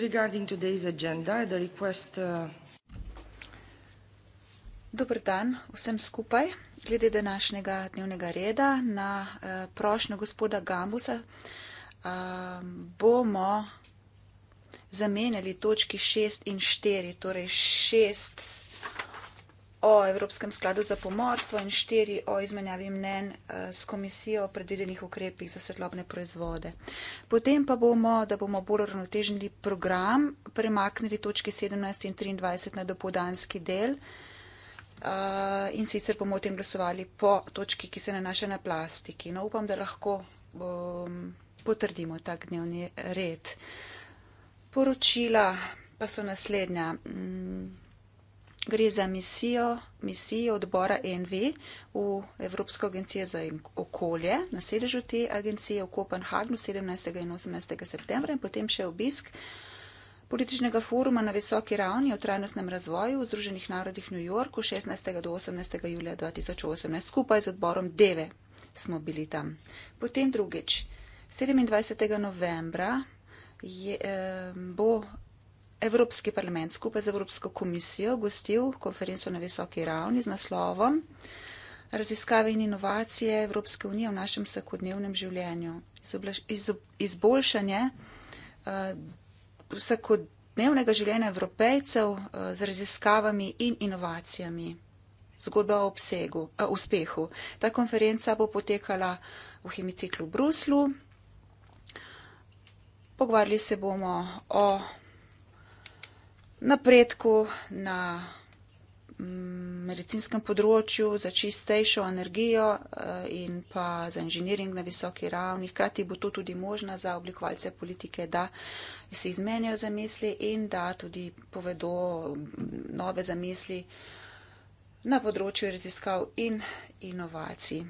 regarding today's agenda at the request uh, Dober dan vsem skupaj. Glede današnjega dnevnega reda na uh, prošnjo gospoda Gambusa uh, bomo zamenjali točki 6 in 4, torej 6 o Evropskem skladu za pomorstvo in štiri o izmenjavi mnen eh, s komisijo o predvidenih ukrepih za svetlobne proizvode. Potem pa bomo, da bomo bolj uravnotežili program, premaknili točke 17 in 23 na dopodanski del eh, in sicer bomo o tem glasovali po točki, ki se nanaša na plastiki. No, upam, da lahko um, potrdimo ta dnevni red. Poročila pa so naslednja. Mm. Gre za misijo, misijo odbora NV v Evropsko agencijo za okolje, na sedežu te agencije v Kopenhagnu 17. in 18. septembra in potem še obisk političnega foruma na visoki ravni o trajnostnem razvoju v Združenih narodih New Yorku 16. do 18. julija 2018 skupaj z odborom DEVE smo bili tam. Potem drugič, 27. novembra je, eh, bo Evropski parlament skupaj z Evropsko komisijo gostil konferenco na visoki ravni z naslovom Raziskave in inovacije Evropske unije v našem vsakodnevnem življenju. Izboljšanje eh, vsakodnevnega življenja evropejcev eh, z raziskavami in inovacijami. Zgodba o obsegu, o eh, uspehu. Ta konferenca bo potekala v hemiciklu v Bruslu. Pogovarjali se bomo o napredku na mm, medicinskem področju za čistejšo energijo eh, in pa za inženiring na visoki ravni. Hkrati bo to tudi možno za oblikovalce politike, da se izmenjajo zamisli in da tudi povedo mm, nove zamisli na področju raziskav in inovacij.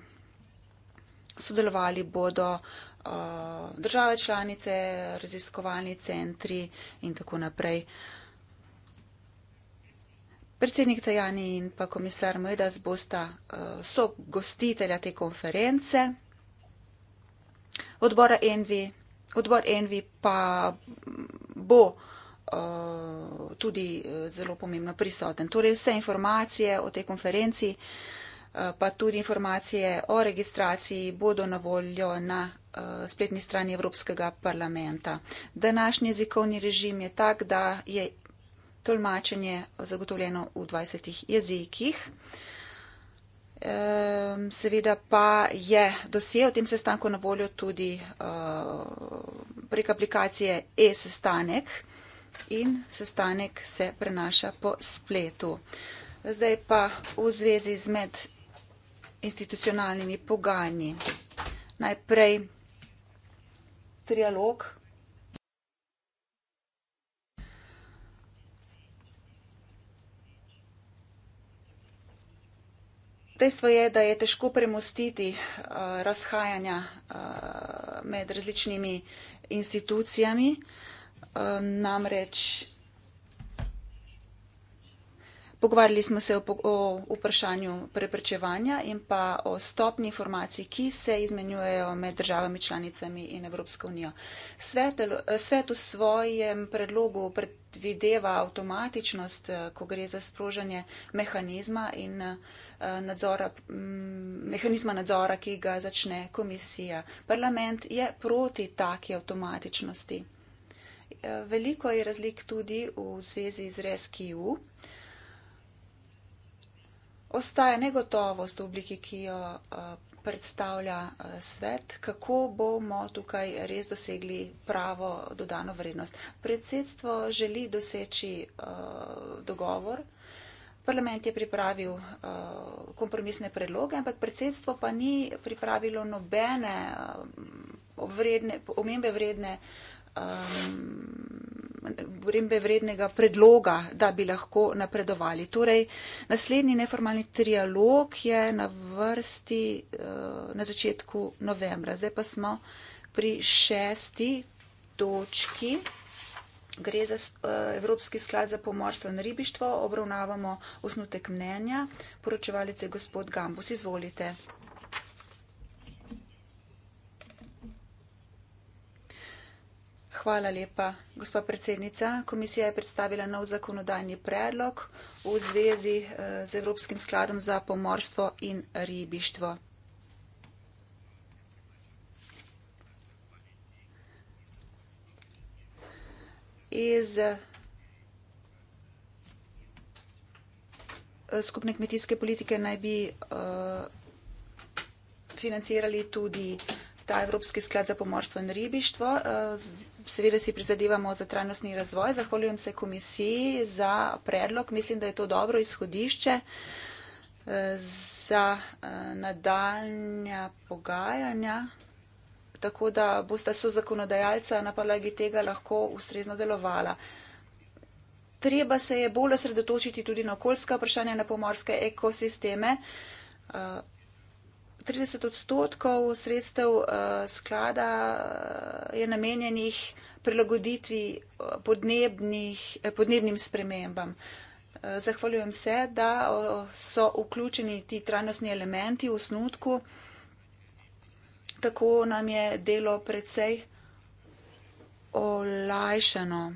Sodelovali bodo eh, države članice, raziskovalni centri in tako naprej. Predsednik Tajani in pa komisar Mojdas bosta uh, eh, so gostitelja te konference. Odbora Envi, odbor Envi pa bo uh, tudi eh, zelo pomembno prisoten. Torej vse informacije o tej konferenci, uh, pa tudi informacije o registraciji bodo na voljo na uh, spletni strani Evropskega parlamenta. Današnji jezikovni režim je tak, da je tolmačenje zagotovljeno v 20 jezikih. Ehm, seveda pa je dosje o tem sestanku na voljo tudi eh, prek aplikacije e-sestanek in sestanek se prenaša po spletu. Zdaj pa v zvezi z med institucionalnimi pogajanji. Najprej trialog Dejstvo je, da je težko premostiti uh, razhajanja uh, med različnimi institucijami. Uh, namreč Pogovarjali smo se o, o vprašanju preprečevanja in pa o stopni informacij, ki se izmenjujejo med državami članicami in Evropsko unijo. Svet, svet v svojem predlogu predvideva avtomatičnost, ko gre za sprožanje mehanizma in nadzora, mm, mehanizma nadzora, ki ga začne komisija. Parlament je proti taki avtomatičnosti. Veliko je razlik tudi v zvezi z RSQ ostaja negotovost v obliki, ki jo eh, predstavlja eh, svet, kako bomo tukaj res dosegli pravo dodano vrednost. Predsedstvo želi doseči eh, dogovor. Parlament je pripravil uh, kompromisne predloge, ampak predsedstvo pa ni pripravilo nobene uh, vredne, omembe vredne um, borimbe vrednega predloga, da bi lahko napredovali. Torej, naslednji neformalni trialog je na vrsti eh, na začetku novembra. Zdaj pa smo pri šesti točki. Gre za eh, Evropski sklad za pomorstvo in ribištvo. Obravnavamo osnutek mnenja. Poročevalec je gospod Gambus. Izvolite. Hvala lepa, gospa predsednica. Komisija je predstavila nov zakonodajni predlog v zvezi eh, z Evropskim skladom za pomorstvo in ribištvo. Iz eh, skupne kmetijske politike naj bi eh, financirali tudi ta Evropski sklad za pomorstvo in ribištvo seveda si prizadevamo za trajnostni razvoj. Zahvaljujem se komisiji za predlog. Mislim, da je to dobro izhodišče eh, za eh, nadaljnja pogajanja. Tako da bosta so zakonodajalca na podlagi tega lahko ustrezno delovala. Treba se je bolj osredotočiti tudi na okoljska vprašanja, na pomorske ekosisteme. Eh, 30 odstotkov sredstev uh, sklada eh, je namenjenih prilagoditvi eh, podnebnih, eh, podnebnim spremembam. Uh, zahvaljujem se, da uh, so vključeni ti trajnostni elementi v snutku. Tako nam je delo predvsej olajšano.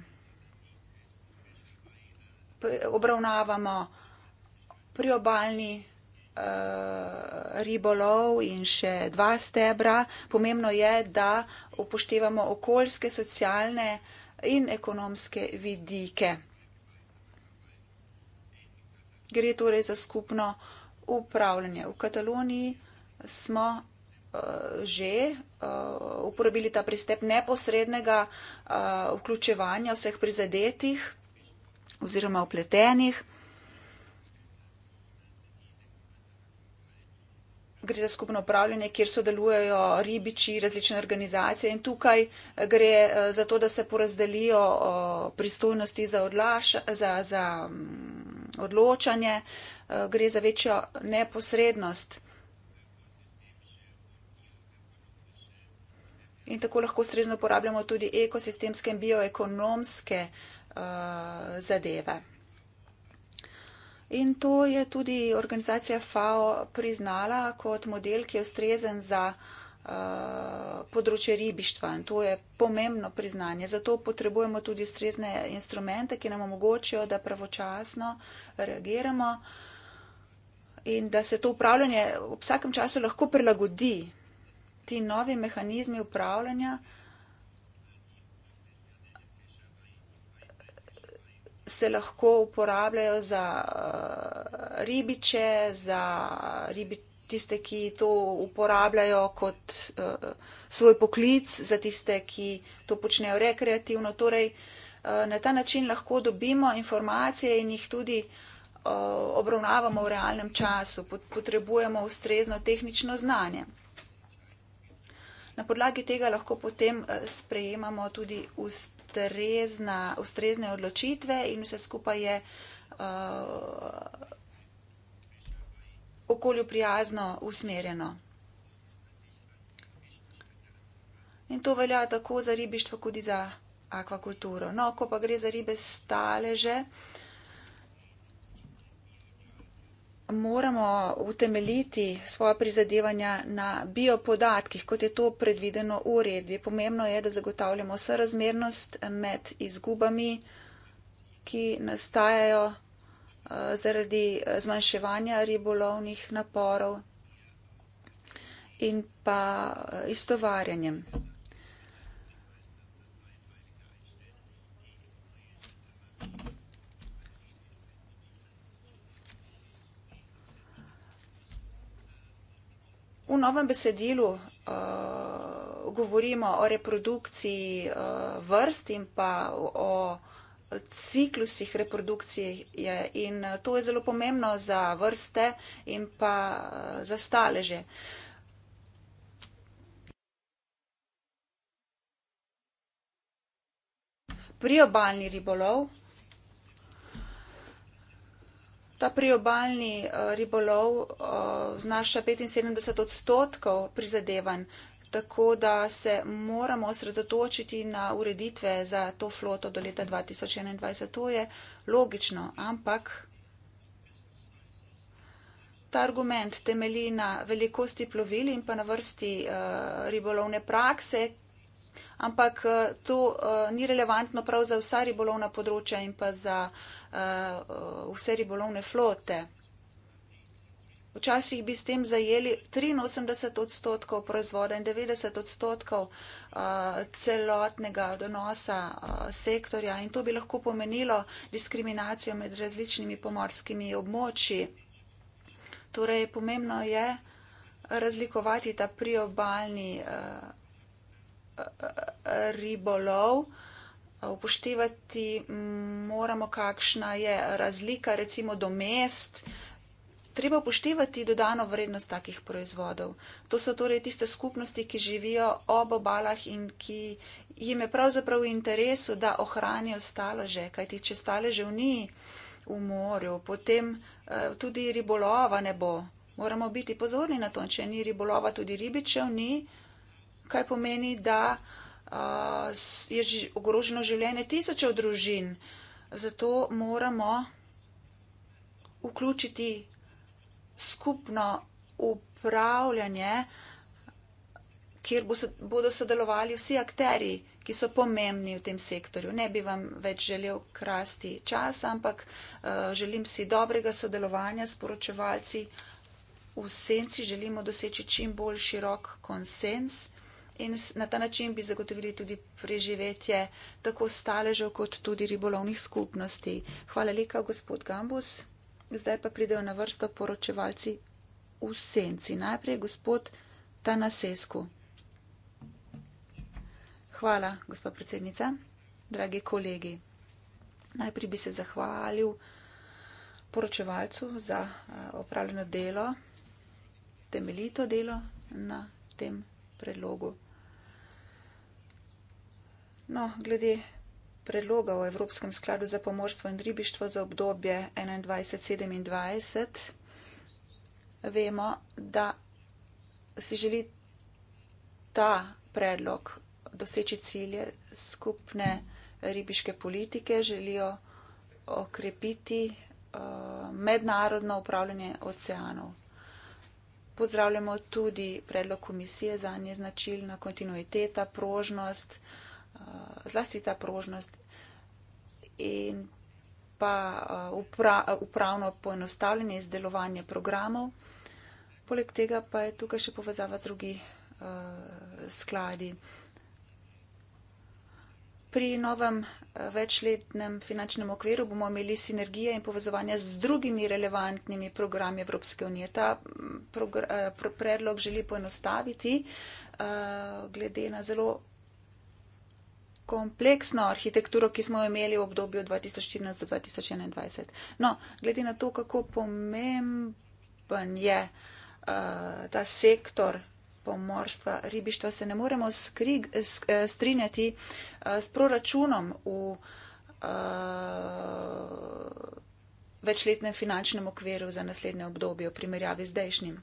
Obravnavamo priobalni. Eh, ribolov in še dva stebra. Pomembno je, da upoštevamo okoljske, socialne in ekonomske vidike. Gre torej za skupno upravljanje. V Kataloniji smo uh, že uh, uporabili ta pristep neposrednega uh, vključevanja vseh prizadetih oziroma upletenih. gre za skupno upravljanje, kjer sodelujejo ribiči, različne organizacije in tukaj eh, gre eh, za to, da se porazdelijo pristojnosti za, odlaš, za, za mm, odločanje, eh, gre za večjo neposrednost. In tako lahko strezno uporabljamo tudi ekosistemske in bioekonomske uh, zadeve. In to je tudi organizacija FAO priznala kot model, ki je ustrezen za uh, področje ribištva. In to je pomembno priznanje. Zato potrebujemo tudi ustrezne instrumente, ki nam omogočijo, da pravočasno reagiramo in da se to upravljanje v vsakem času lahko prilagodi. Ti novi mehanizmi upravljanja se lahko uporabljajo za eh, ribiče, za ribi, tiste, ki to uporabljajo kot eh, svoj poklic, za tiste, ki to počnejo rekreativno. Torej, eh, na ta način lahko dobimo informacije in jih tudi obravnavamo v realnem času, potrebujemo ustrezno tehnično znanje. Na podlagi tega lahko potem sprejemamo tudi ustrezno ustrezna, ustrezne odločitve in vse skupaj je uh, okolju prijazno usmerjeno. In to velja tako za ribištvo, kot tudi za akvakulturo. No, ko pa gre za ribe staleže, uh, moramo utemeljiti svoja prizadevanja na biopodatkih, kot je to predvideno v uredbi. Pomembno je, da zagotavljamo sorazmernost med izgubami, ki nastajajo eh, zaradi eh, zmanjševanja ribolovnih naporov in pa eh, istovarjanjem. V novem besedilu uh, govorimo o reprodukciji uh, vrst in pa o ciklusih reprodukcije in eh, to je zelo pomembno za vrste in pa za staleže. Priobalni ribolov Ta priobalni eh, ribolov eh, znaša 75 odstotkov prizadevanj, tako da se moramo osredotočiti na ureditve za to floto do leta 2021. To je logično, ampak ta argument temelji na velikosti plovil in pa na vrsti eh, ribolovne prakse, ampak eh, to eh, ni relevantno prav za vsa ribolovna področja in pa za eh, vse ribolovne flote. Včasih bi s tem zajeli 83 odstotkov proizvoda in 90 odstotkov celotnega donosa sektorja in to bi lahko pomenilo diskriminacijo med različnimi pomorskimi območji. Torej, pomembno je razlikovati ta priobalni. Uh, ribolov. Upoštevati moramo, kakšna je razlika, recimo do mest. Treba upoštevati dodano vrednost takih proizvodov. To so torej tiste skupnosti, ki živijo ob obalah in ki jim je pravzaprav v interesu, da ohranijo staleže, kajti če staleže v njih v morju, potem eh, tudi ribolova ne bo. Moramo biti pozorni na to, če ni ribolova, tudi ribičev ni kaj pomeni, da uh, je ogroženo življenje tisočev družin. Zato moramo vključiti skupno upravljanje, kjer bo se, bodo sodelovali vsi akteri, ki so pomembni v tem sektorju. Ne bi vam več želel krasti čas, ampak uh, želim si dobrega sodelovanja s poročevalci. V senci želimo doseči čim bolj širok konsens in na ta način bi zagotovili tudi preživetje tako staležev kot tudi ribolovnih skupnosti. Hvala lepa, gospod Gambus. Zdaj pa pridejo na vrsto poročevalci v senci. Najprej gospod Tanasesku. Hvala, gospod predsednica. Dragi kolegi, najprej bi se zahvalil poročevalcu za opravljeno delo, temeljito delo na tem predlogu. No, glede predloga v Evropskem skladu za pomorstvo in ribištvo za obdobje 2021-2027, vemo, da si želi ta predlog doseči cilje skupne ribiške politike, želijo okrepiti uh, mednarodno upravljanje oceanov. Pozdravljamo tudi predlog komisije, za nje značilna kontinuiteta, prožnost, uh, Eh, zlasti ta prožnost in pa eh, upra, upravno poenostavljanje izdelovanja programov. Poleg tega pa je tukaj še povezava z drugi uh, skladi. Pri novem večletnem finančnem okviru bomo imeli sinergije in povezovanja z drugimi relevantnimi programi Evropske unije. Ta mm, progr, uh, predlog želi poenostaviti uh, glede na zelo kompleksno arhitekturo, ki smo jo imeli v obdobju 2014 do 2021. No, glede na to, kako pomemben je uh, ta sektor pomorstva, ribištva, se ne moremo skrig, sk, eh, strinjati uh, s proračunom v uh, večletnem finančnem okviru za naslednje obdobje v primerjavi z dejšnjim.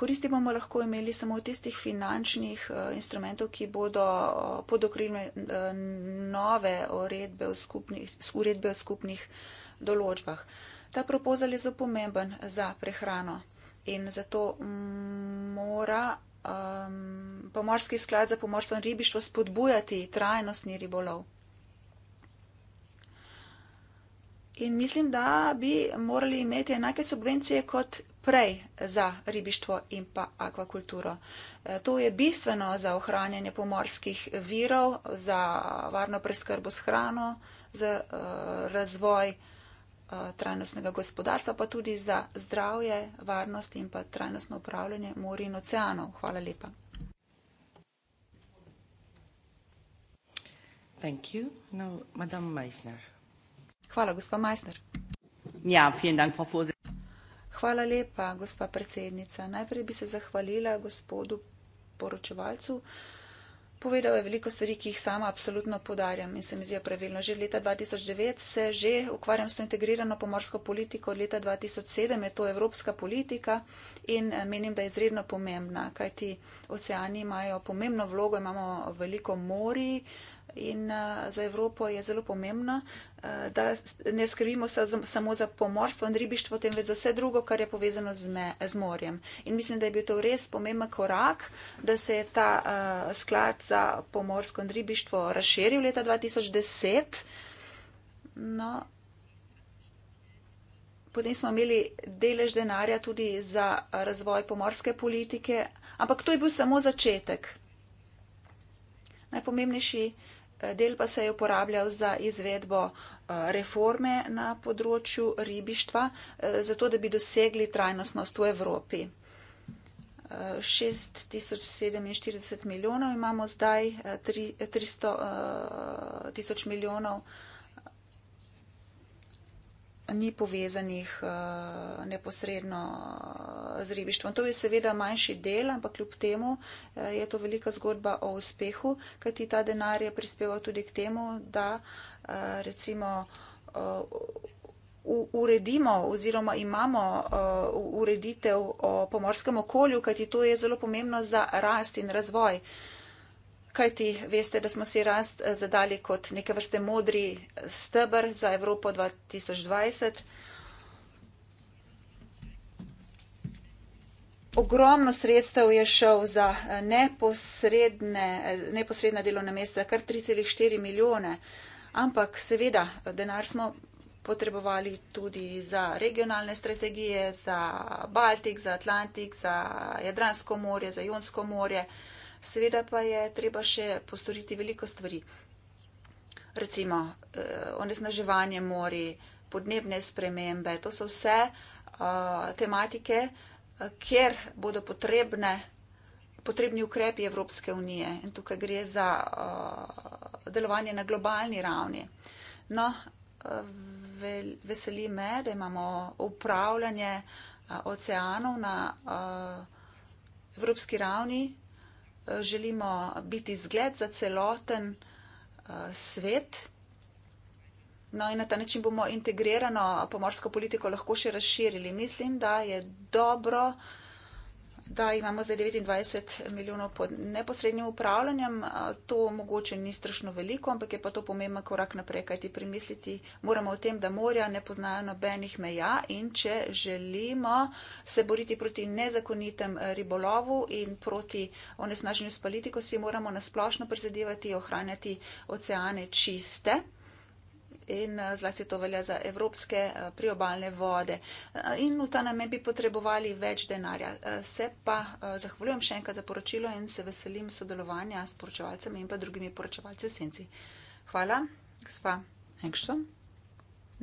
Koristi bomo lahko imeli samo od tistih finančnih uh, instrumentov, ki bodo uh, eh, podokrivne uh, nove uredbe o skupnih, uredbe o skupnih določbah. Ta propozal je zelo pomemben za prehrano in zato mm, mora um, pomorski sklad za pomorstvo in ribištvo spodbujati trajnostni ribolov. In mislim, da bi morali imeti enake subvencije kot prej za ribištvo in pa akvakulturo. E, to je bistveno za ohranjanje pomorskih virov, za varno preskrbo s hrano, za e, razvoj e, trajnostnega gospodarstva, pa tudi za zdravje, varnost in pa trajnostno upravljanje mori in oceanov. Hvala lepa. Thank you. Now, Madame Meisner. Hvala, gospa Majsner. Ja, vielen Dank, Frau Vorsitzende. Hvala lepa, gospa predsednica. Najprej bi se zahvalila gospodu poročevalcu. Povedal je veliko stvari, ki jih sama absolutno podarjam in se mi zdijo pravilno. Že leta 2009 se že ukvarjam s to integrirano pomorsko politiko, od leta 2007 je to evropska politika in eh, menim, da je izredno pomembna, kajti oceani imajo pomembno vlogo, imamo veliko mori, in uh, za Evropo je zelo pomembna, uh, eh, da ne skrbimo sa, z, samo za pomorstvo in ribištvo, temveč za vse drugo, kar je povezano z, me, z morjem. In mislim, da je bil to res pomemben korak, da se je ta uh, sklad za pomorsko in ribištvo razširil leta 2010. No, potem smo imeli delež denarja tudi za razvoj pomorske politike, ampak to je bil samo začetek. Najpomembnejši del pa se je uporabljal za izvedbo eh, reforme na področju ribištva, eh, zato da bi dosegli trajnostnost v Evropi. 6047 eh, milijonov imamo zdaj, 300 tisoč milijonov ni povezanih eh, neposredno eh, z ribištvom. To je seveda manjši del, ampak kljub temu eh, je to velika zgodba o uspehu, kajti ta denar je prispeval tudi k temu, da recimo uredimo oziroma imamo ureditev o pomorskem okolju, kajti to je zelo pomembno za rast in razvoj kajti veste, da smo si rast eh, zadali kot neke vrste modri stebr za Evropo 2020. Ogromno sredstev je šel za eh, eh, neposredna delovna mesta, kar 3,4 milijone, ampak seveda denar smo potrebovali tudi za regionalne strategije, za Baltik, za Atlantik, za Jadransko morje, za Jonsko morje. Seveda pa je treba še postoriti veliko stvari. Recimo eh, onesnaževanje mori, podnebne spremembe, to so vse eh, tematike, eh, kjer bodo potrebne, potrebni ukrepi Evropske unije. In tukaj gre za delovanje na globalni ravni. No, veseli me, da imamo upravljanje oceanov na Evropski ravni, želimo biti zgled za celoten eh, svet. No in na ta način bomo integrirano pomorsko politiko lahko še razširili. Mislim, da je dobro, da imamo zdaj 29 milijonov pod neposrednjim upravljanjem. To mogoče ni strašno veliko, ampak je pa to pomemben korak naprej, kajti premisliti moramo o tem, da morja ne poznajo nobenih meja in če želimo se boriti proti nezakonitem eh, ribolovu in proti onesnaženju s politiko, si moramo nasplošno prizadevati ohranjati oceane čiste in eh, zlasti to velja za evropske eh, priobalne vode. Eh, in v ta namen bi potrebovali več denarja. Se pa zahvaljujem še enkrat za poročilo in se veselim sodelovanja s poročevalcem in pa drugimi poročevalci v senci. Hvala, gospa Engšo.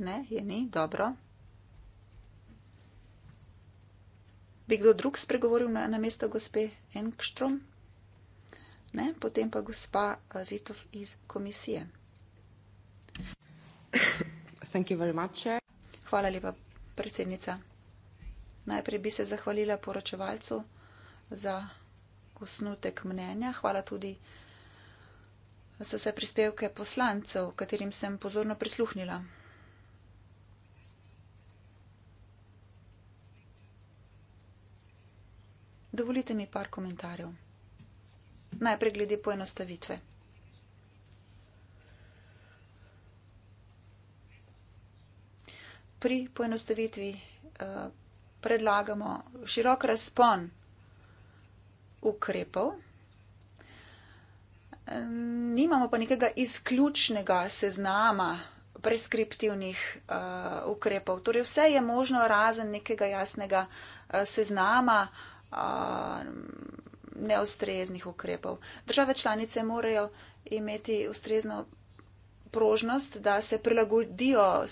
Ne, je ni, dobro. Bi kdo drug spregovoril na, na mesto gospe Engštrom? Ne, potem pa gospa Zitov iz komisije. Hvala lepa, predsednica. Najprej bi se zahvalila poročevalcu za osnutek mnenja. Hvala tudi za vse prispevke poslancev, katerim sem pozorno prisluhnila. Dovolite mi par komentarjev. Najprej glede poenostavitve. pri poenostavitvi eh, predlagamo širok razpon ukrepov. Nimamo pa nekega izključnega seznama preskriptivnih eh, ukrepov. Torej vse je možno razen nekega jasnega eh, seznama neostreznih ukrepov. Države članice morajo imeti ustrezno prožnost, da se prilagodijo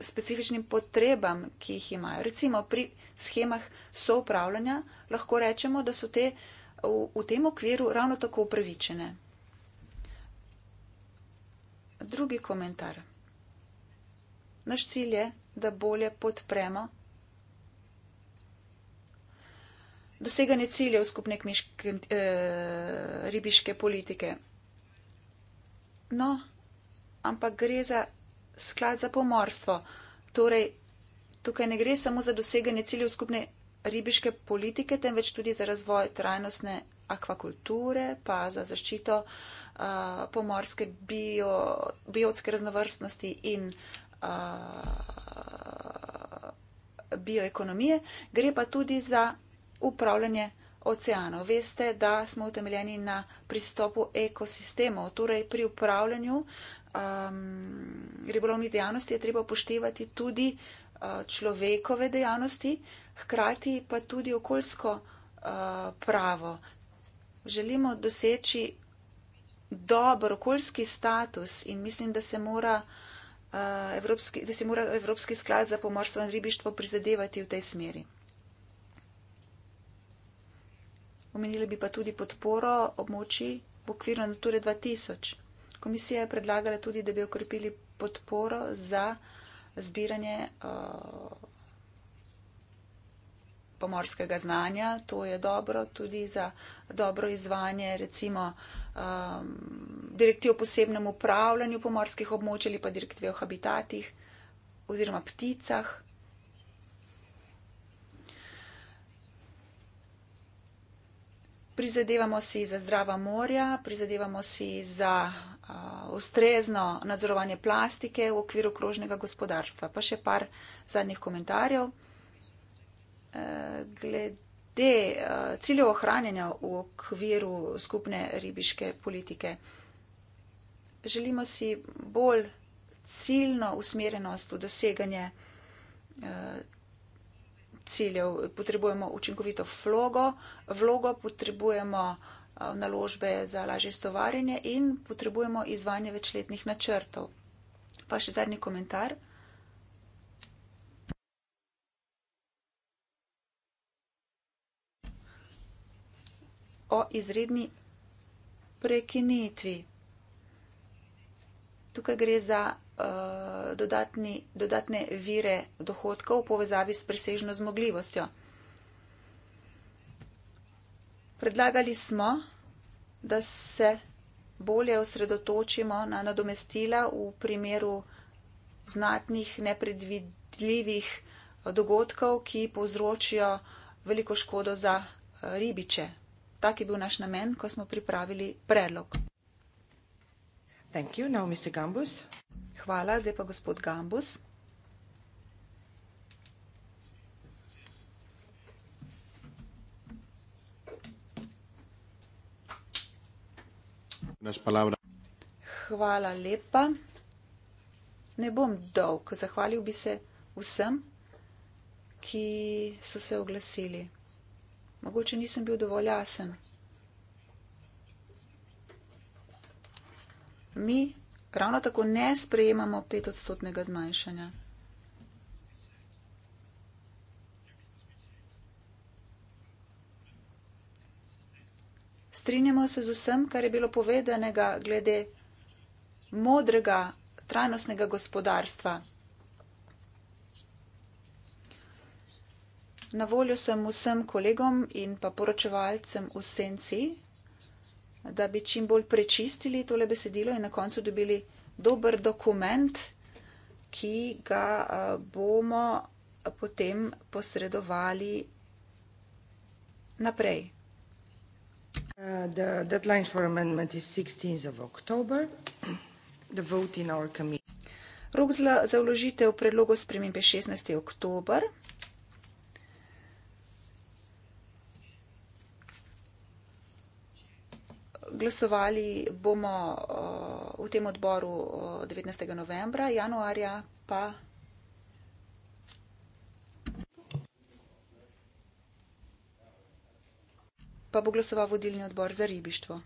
specifičnim potrebam, ki jih imajo. Recimo pri schemah soupravljanja lahko rečemo, da so te v, v tem okviru ravno tako upravičene. Drugi komentar. Naš cilj je, da bolje podpremo doseganje ciljev skupne kmeške, eh, ribiške politike. No, ampak gre za sklad za pomorstvo. Torej, tukaj ne gre samo za doseganje ciljev skupne ribiške politike, temveč tudi za razvoj trajnostne akvakulture, pa za zaščito uh, pomorske bio, biotske raznovrstnosti in uh, bioekonomije. Gre pa tudi za upravljanje oceanov. Veste, da smo utemeljeni na pristopu ekosistemov, torej pri upravljanju uh, um, ribolovni dejavnosti, je treba upoštevati tudi uh, človekove dejavnosti, hkrati pa tudi okoljsko uh, pravo. Želimo doseči dober okoljski status in mislim, da se mora. Uh, evropski, da se mora Evropski sklad za pomorstvo in ribištvo prizadevati v tej smeri. Omenili bi pa tudi podporo območji v okviru Nature 2000. Komisija je predlagala tudi, da bi okrepili podporo za zbiranje eh, pomorskega znanja. To je dobro tudi za dobro izvanje recimo um, eh, direktiv o posebnem upravljanju pomorskih območij ali pa direktiv o habitatih oziroma pticah. Prizadevamo si za zdrava morja, prizadevamo si za uh, ustrezno nadzorovanje plastike v okviru krožnega gospodarstva. Pa še par zadnjih komentarjev. E, glede e, ciljev ohranjanja v okviru skupne ribiške politike. Želimo si bolj ciljno usmerjenost v doseganje e, ciljev. Potrebujemo učinkovito vlogo, vlogo potrebujemo naložbe za lažje stovarjenje in potrebujemo izvanje večletnih načrtov. Pa še zadnji komentar. O izredni prekinitvi. Tukaj gre za uh, dodatni, dodatne vire dohodkov v povezavi s presežno zmogljivostjo. Predlagali smo, da se bolje osredotočimo na nadomestila v primeru znatnih nepredvidljivih eh, dogodkov, ki povzročijo veliko škodo za eh, ribiče. Tak je bil naš namen, ko smo pripravili predlog. Thank you, now, Mr. Gambus. Hvala, zdaj pa gospod Gambus. Hvala lepa. Ne bom dolg. Zahvalil bi se vsem, ki so se oglasili. Mogoče nisem bil dovolj jasen. Mi ravno tako ne sprejemamo petodstotnega zmanjšanja. Strinjamo se z vsem, kar je bilo povedanega glede modrega trajnostnega gospodarstva. Na voljo sem vsem kolegom in pa poročevalcem v senci, da bi čim bolj prečistili tole besedilo in na koncu dobili dober dokument, ki ga bomo potem posredovali naprej. Uh, the deadline for amendment is 16th of October. The vote in our committee. Rok za, za vložitev predlogov spremembe je 16. oktober. Glasovali bomo uh, v tem odboru uh, 19. novembra, januarja pa. pa bo glasoval vodilni odbor za ribištvo.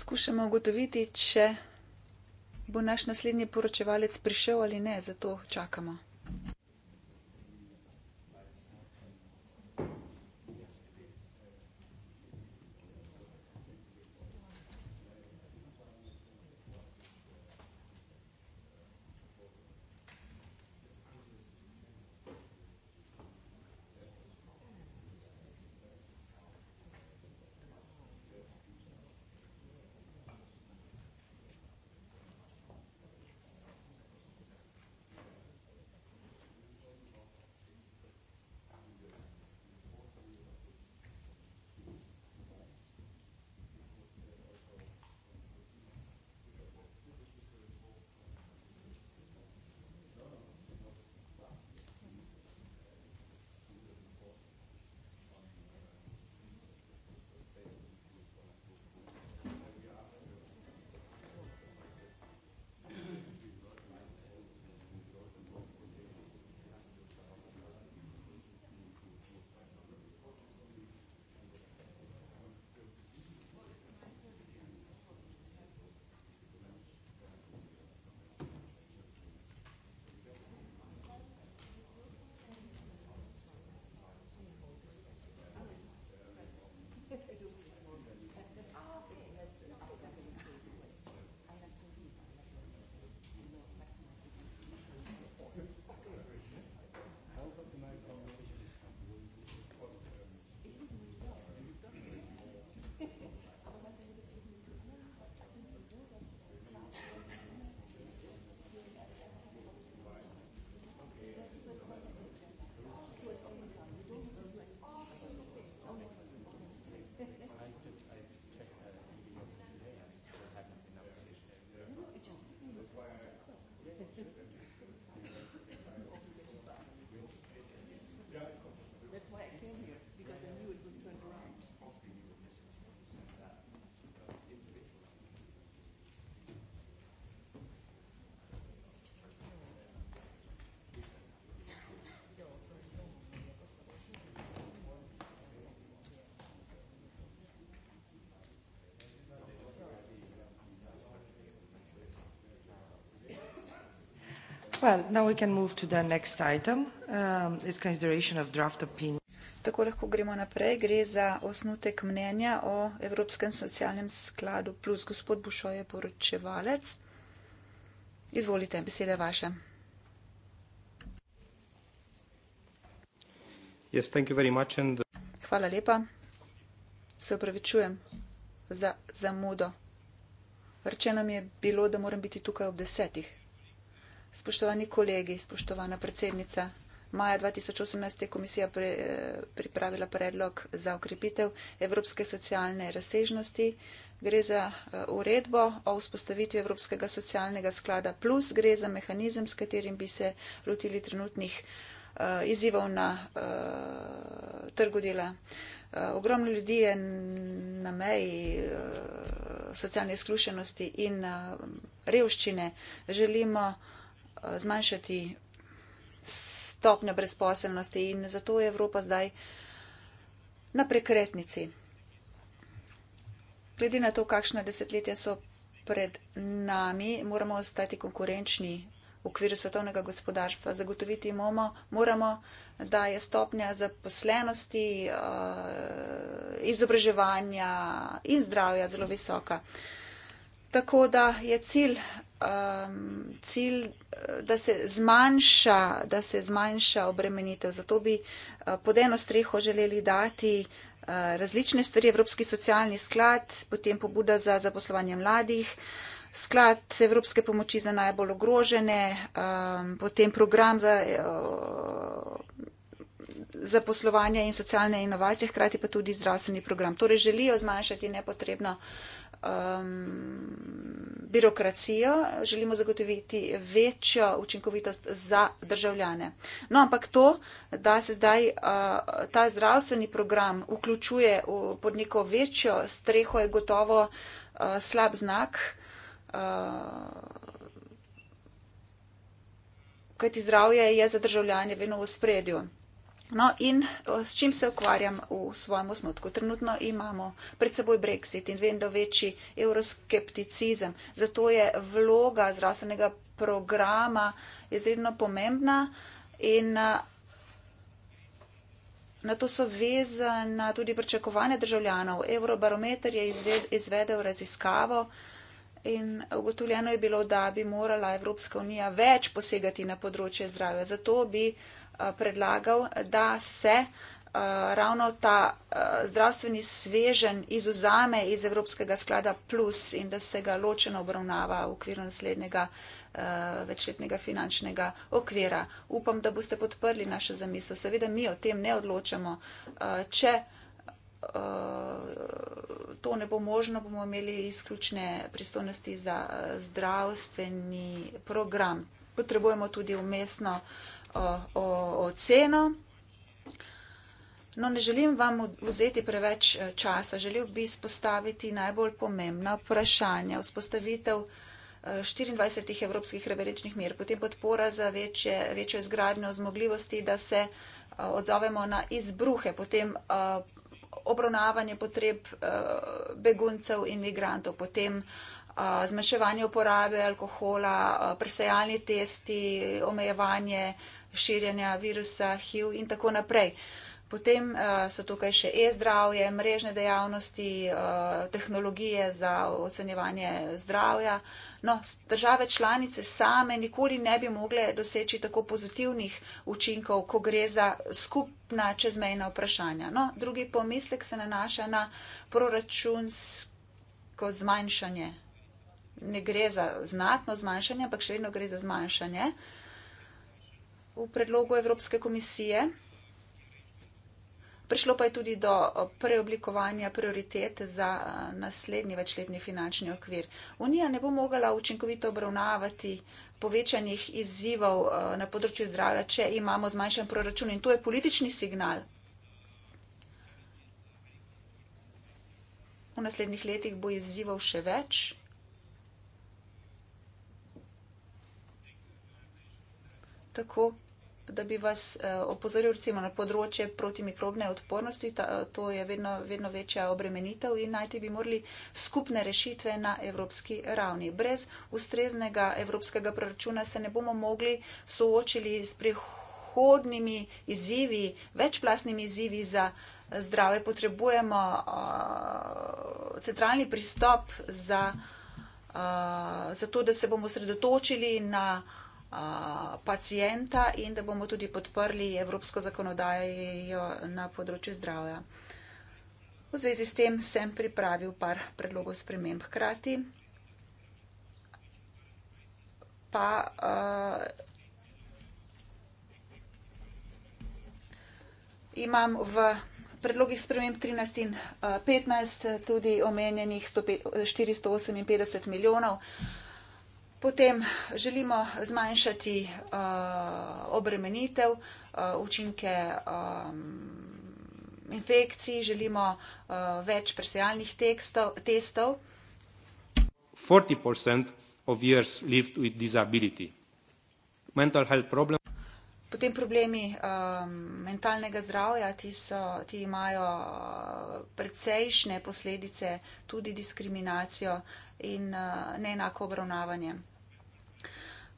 Skušamo ugotoviti, če bo naš naslednji poročevalec prišel ali ne, zato čakamo. Now we can move to the next item. Um, It's consideration of draft opinion. Tako lahko gremo naprej. Gre za osnutek mnenja o Evropskem socialnem skladu plus. Gospod Bušo je poročevalec. Izvolite, besede vaše. Yes, thank you very much and... Uh, Hvala lepa. Se upravičujem za zamudo. Rečeno mi je bilo, da moram biti tukaj ob desetih. Spoštovani kolegi, spoštovana predsednica, maja 2018 je komisija pre, pripravila predlog za okrepitev evropske socialne razsežnosti. Gre za eh, uredbo o vzpostavitvi Evropskega socialnega sklada plus, gre za mehanizem, s katerim bi se lotili trenutnih eh, izzivov na uh, trgu dela. Uh, ogromno ljudi je na meji uh, socialne izključenosti in uh, revščine. Želimo uh, Eh, zmanjšati stopnjo brezposelnosti in zato je Evropa zdaj na prekretnici. Glede na to, kakšne desetletja so pred nami, moramo ostati konkurenčni v okviru svetovnega gospodarstva. Zagotoviti imamo, moramo, da je stopnja zaposlenosti, eh, izobraževanja in zdravja zelo visoka. Tako da je cilj, um, cilj da, se zmanjša, da se zmanjša obremenitev. Zato bi uh, pod eno streho želeli dati uh, različne stvari. Evropski socialni sklad, potem pobuda za zaposlovanje mladih, sklad Evropske pomoči za najbolj ogrožene, um, potem program za. Uh, za poslovanje in socialne inovacije, hkrati pa tudi zdravstveni program. Torej želijo zmanjšati nepotrebno uh, um, birokracijo, želimo zagotoviti večjo učinkovitost za državljane. No, ampak to, da se zdaj uh, ta zdravstveni program vključuje v, pod neko večjo streho, je gotovo uh, slab znak. Uh, Kajti zdravje je za državljanje vedno v spredju. No, in s čim se ukvarjam v svojem osnutku? Trenutno imamo pred seboj Brexit in vedno večji euroskepticizem. Zato je vloga zdravstvenega programa izredno pomembna in na to so vezana tudi pričakovanja državljanov. Eurobarometer je izvedel raziskavo. In ugotovljeno je bilo, da bi morala Evropska unija več posegati na področje zdravja. Zato bi uh, Eh, predlagal, da se eh, ravno ta eh, zdravstveni svežen izuzame iz Evropskega sklada plus in da se ga ločeno obravnava v okviru naslednjega večletnega finančnega okvira. Upam, da boste podprli našo zamisel. Seveda mi o tem ne odločamo. Če to ne bo možno, bomo imeli izključne pristojnosti za zdravstveni program. Potrebujemo tudi umestno oceno. No, ne želim vam vzeti preveč eh, časa, želel bi izpostaviti najbolj pomembna vprašanja. Vzpostavitev 24 eh, evropskih reveričnih mir, potem podpora za večje, večjo izgradnjo zmogljivosti, da se eh, odzovemo na izbruhe, potem obravnavanje potreb beguncev in migrantov, potem zmanjševanje uporabe alkohola, presejalni testi, omejevanje širjenja virusa, HIV in tako naprej. Potem uh, so tukaj še e-zdravje, mrežne dejavnosti, uh, tehnologije za ocenjevanje zdravja. No, države članice same nikoli ne bi mogle doseči tako pozitivnih učinkov, ko gre za skupna čezmejna vprašanja. No, drugi pomislek se nanaša na proračunsko zmanjšanje. Ne gre za znatno zmanjšanje, ampak še vedno gre za zmanjšanje. Uh, v predlogu Evropske komisije. Prišlo pa je tudi do preoblikovanja prioritet za eh, naslednji večletni finančni okvir. Unija ne bo mogla učinkovito obravnavati povečanih izzivov eh, na področju zdravja, če imamo zmanjšan proračun in to je politični signal. V naslednjih letih bo izzivov še več. Tako da bi vas eh, opozoril recimo na področje protimikrobne odpornosti. Ta, eh, to je vedno, vedno večja obremenitev in najti bi morali skupne rešitve na evropski ravni. Brez ustreznega evropskega proračuna se ne bomo mogli soočiti s prihodnimi izzivi, večplastnimi izzivi za. Eh, zdrave potrebujemo uh, centralni pristop za, uh, za to, da se bomo sredotočili na uh, pacijenta in da bomo tudi podprli evropsko zakonodajo na področju zdravja. V zvezi s tem sem pripravil par predlogov sprememb hkrati, pa uh, imam v predlogih sprememb 13 in 15 tudi omenjenih 100, 458 milijonov. Potem želimo zmanjšati uh, obremenitev, uh, učinke um, infekcij, želimo uh, več presejalnih testov. 40 problem. Potem problemi um, mentalnega zdravja, ti, so, ti imajo precejšne posledice, tudi diskriminacijo in uh, neenako obravnavanje.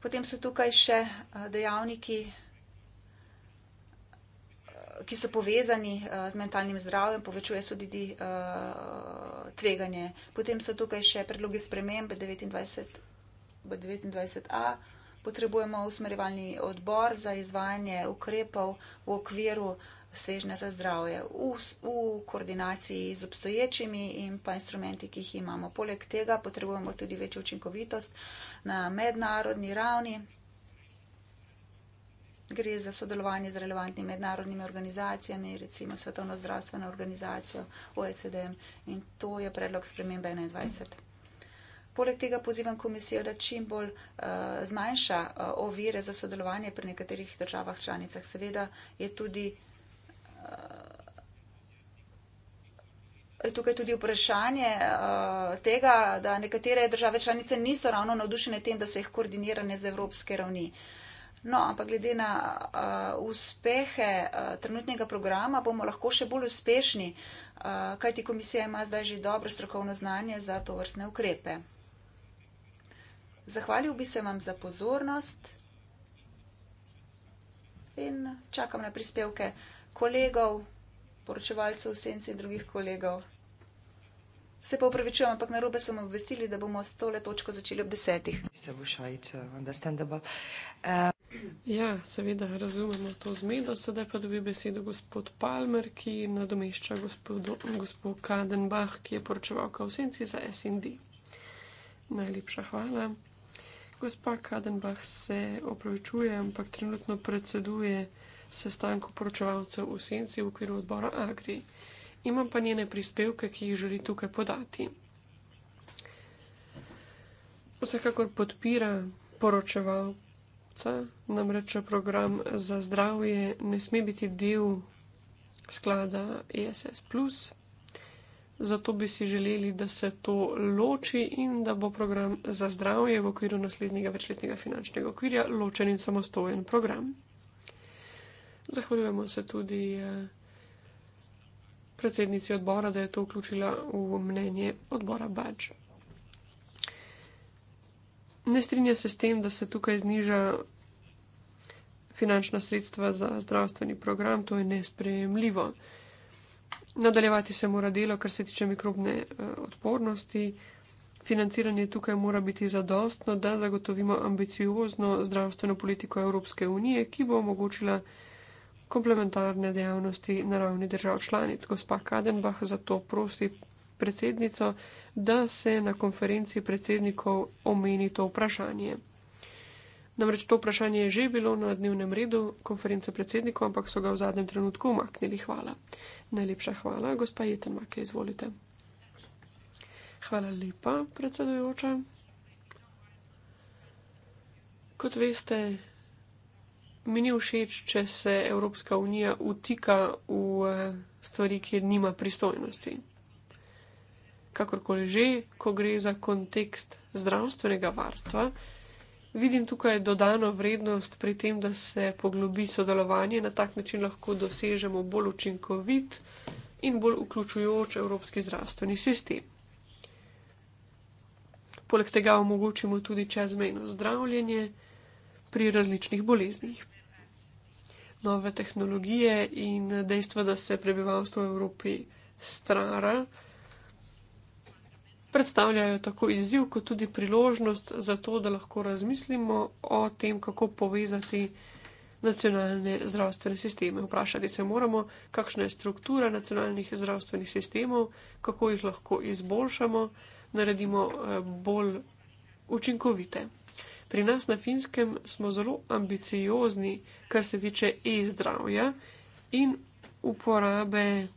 Potem so tukaj še eh, dejavniki, eh, ki so povezani eh, z mentalnim zdravjem, povečuje se tudi tveganje. Potem so tukaj še predlogi spremembe 29, 29a. Potrebujemo usmerjevalni odbor za izvajanje ukrepov v okviru uh, sežne za zdravje v, v koordinaciji z obstoječimi in pa instrumenti, ki jih imamo. Poleg tega potrebujemo tudi večjo učinkovitost na mednarodni ravni. Gre za sodelovanje z relevantnimi mednarodnimi organizacijami, recimo Svetovno zdravstveno organizacijo, OECD in to je predlog spremembe 21. Poleg tega pozivam komisijo, da čim bolj uh, zmanjša uh, ovire za sodelovanje pri nekaterih državah članicah. Seveda je tudi Eh, je tukaj tudi vprašanje eh, tega, da nekatere države članice niso ravno navdušene tem, da se jih koordinirane z evropske ravni. No, ampak glede na uh, uspehe uh, trenutnega programa bomo lahko še bolj uspešni, uh, kajti komisija ima zdaj že dobro strokovno znanje za to vrstne ukrepe. Zahvalil bi se vam za pozornost in čakam na prispevke kolegov, poročevalcev, senc in drugih kolegov. Se pa upravičujem, ampak na robe so me obvestili, da bomo s tole točko začeli ob desetih. Se bo šajica, eh, understandable. Um. Ja, seveda razumemo to zmedo, sedaj pa dobi besedo gospod Palmer, ki nadomešča gospodo, gospod Kadenbach, ki je poročeval ka v senci za S&D. Najlepša hvala. Gospa Kadenbach se opravičuje, ampak trenutno predseduje sestanku poročevalcev v senci v okviru odbora Agri. Imam pa njene prispevke, ki jih želi tukaj podati. Vsekakor podpira poročevalca, namreč program za zdravje ne sme biti del sklada ISS. E zato bi si želeli, da se to loči in da bo program za zdravje v okviru naslednjega večletnega finančnega okvirja ločen in samostojen program. Zahvaljujemo se tudi eh, predsednici odbora, da je to vključila v mnenje odbora Bač. Ne strinja se s tem, da se tukaj zniža finančna sredstva za zdravstveni program, to je nesprejemljivo. Nadaljevati se mora delo, kar se tiče mikrobne eh, odpornosti. Financiranje tukaj mora biti zadostno, da zagotovimo ambiciozno zdravstveno politiko Evropske unije, ki bo omogočila komplementarne dejavnosti na ravni držav članic. Gospa Kadenbach zato prosi predsednico, da se na konferenci predsednikov omeni to vprašanje. Namreč to vprašanje je že bilo na dnevnem redu konference predsednikov, ampak so ga v zadnjem trenutku umaknili. Hvala. Najlepša hvala, gospa Jetenmake, izvolite. Hvala lepa, predsedujoča. Kot veste, mi ni všeč, če se Evropska unija vtika v eh, stvari, kjer nima pristojnosti. Kakorkoli že, ko gre za kontekst zdravstvenega varstva, vidim tukaj dodano vrednost pri tem, da se poglobi sodelovanje, na tak način lahko dosežemo bolj učinkovit in bolj vključujoč evropski zdravstveni sistem. Poleg tega omogočimo tudi čezmejno zdravljenje pri različnih boleznih nove tehnologije in dejstva, da se prebivalstvo v Evropi stara, predstavljajo tako izziv, kot tudi priložnost za to, da lahko razmislimo o tem, kako povezati nacionalne zdravstvene sisteme. Vprašati se moramo, kakšna je struktura nacionalnih zdravstvenih sistemov, kako jih lahko izboljšamo, naredimo eh, bolj učinkovite. Pri nas na finskem smo zelo ambiciozni, kar se tiče e-zdravja in uporabe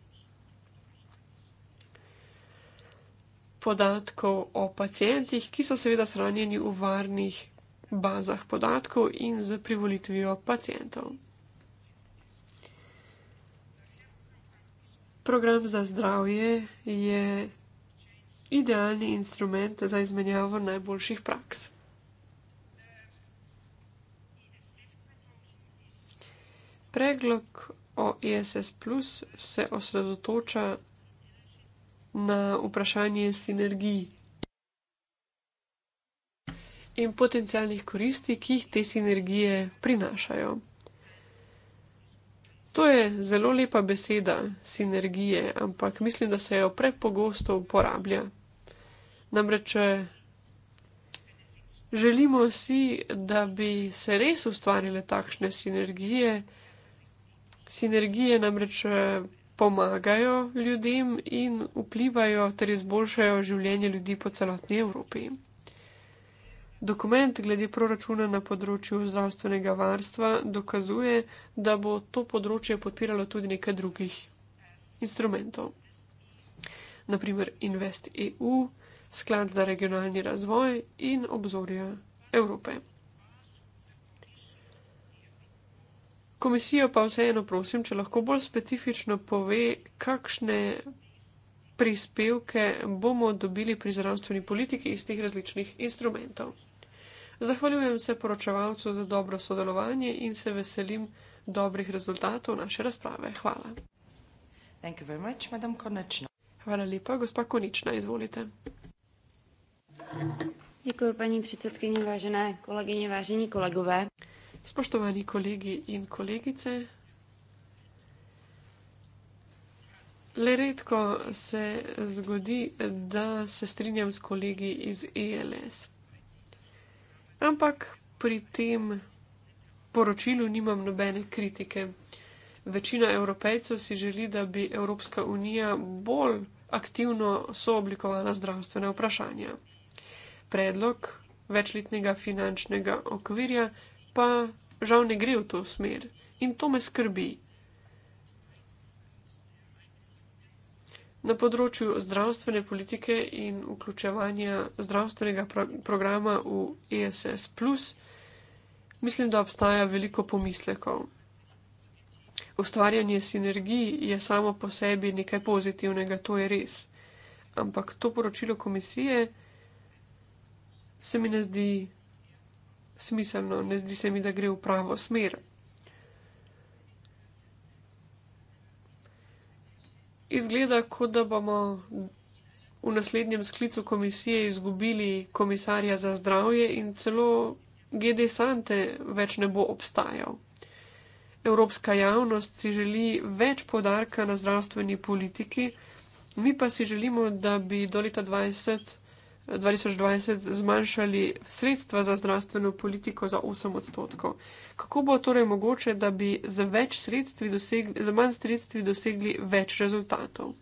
podatkov o pacijentih, ki so seveda shranjeni v varnih bazah podatkov in z privolitvijo pacijentov. Program za zdravje je idealni instrument za izmenjavo najboljših praks. Preglog o ISS e Plus se osredotoča na vprašanje sinergij in potencijalnih koristi, ki jih te sinergije prinašajo. To je zelo lepa beseda sinergije, ampak mislim, da se jo prepogosto uporablja. Namreč eh, želimo si, da bi se res ustvarile takšne sinergije, Sinergije namreč eh, pomagajo ljudem in vplivajo ter izboljšajo življenje ljudi po celotni Evropi. Dokument glede proračuna na področju zdravstvenega varstva dokazuje, da bo to področje podpiralo tudi nekaj drugih instrumentov. Naprimer Invest EU, Sklad za regionalni razvoj in obzorja Evrope. komisijo pa vseeno prosim, če lahko bolj specifično pove, kakšne prispevke bomo dobili pri zdravstveni politiki iz teh različnih instrumentov. Zahvaljujem se poročevalcu za dobro sodelovanje in se veselim dobrih rezultatov naše razprave. Hvala. Much, Hvala lepa, gospa Konična, izvolite. Děkuji, paní předsedkyně, vážené kolegyně, vážení kolegové. Spoštovani kolegi in kolegice. Le redko se zgodi, da se strinjam s kolegi iz ELS. Ampak pri tem poročilu nimam nobene kritike. Večina evropejcev si želi, da bi Evropska unija bolj aktivno sooblikovala zdravstvene vprašanja. Predlog večletnega finančnega okvirja pa žal ne gre v to smer in to me skrbi. Na področju zdravstvene politike in vključevanja zdravstvenega programa v ESS, mislim, da obstaja veliko pomislekov. Ustvarjanje sinergij je samo po sebi nekaj pozitivnega, to je res. Ampak to poročilo komisije se mi ne zdi smiselno, ne zdi se mi, da gre v pravo smer. Izgleda, kot da bomo v naslednjem sklicu komisije izgubili komisarja za zdravje in celo GD Sante več ne bo obstajal. Evropska javnost si želi več podarka na zdravstveni politiki, mi pa si želimo, da bi do leta 2020 2020 zmanjšali sredstva za zdravstveno politiko za 8 odstotkov. Kako bo torej mogoče, da bi z več sredstvi dosegli, z manj sredstvi dosegli več rezultatov?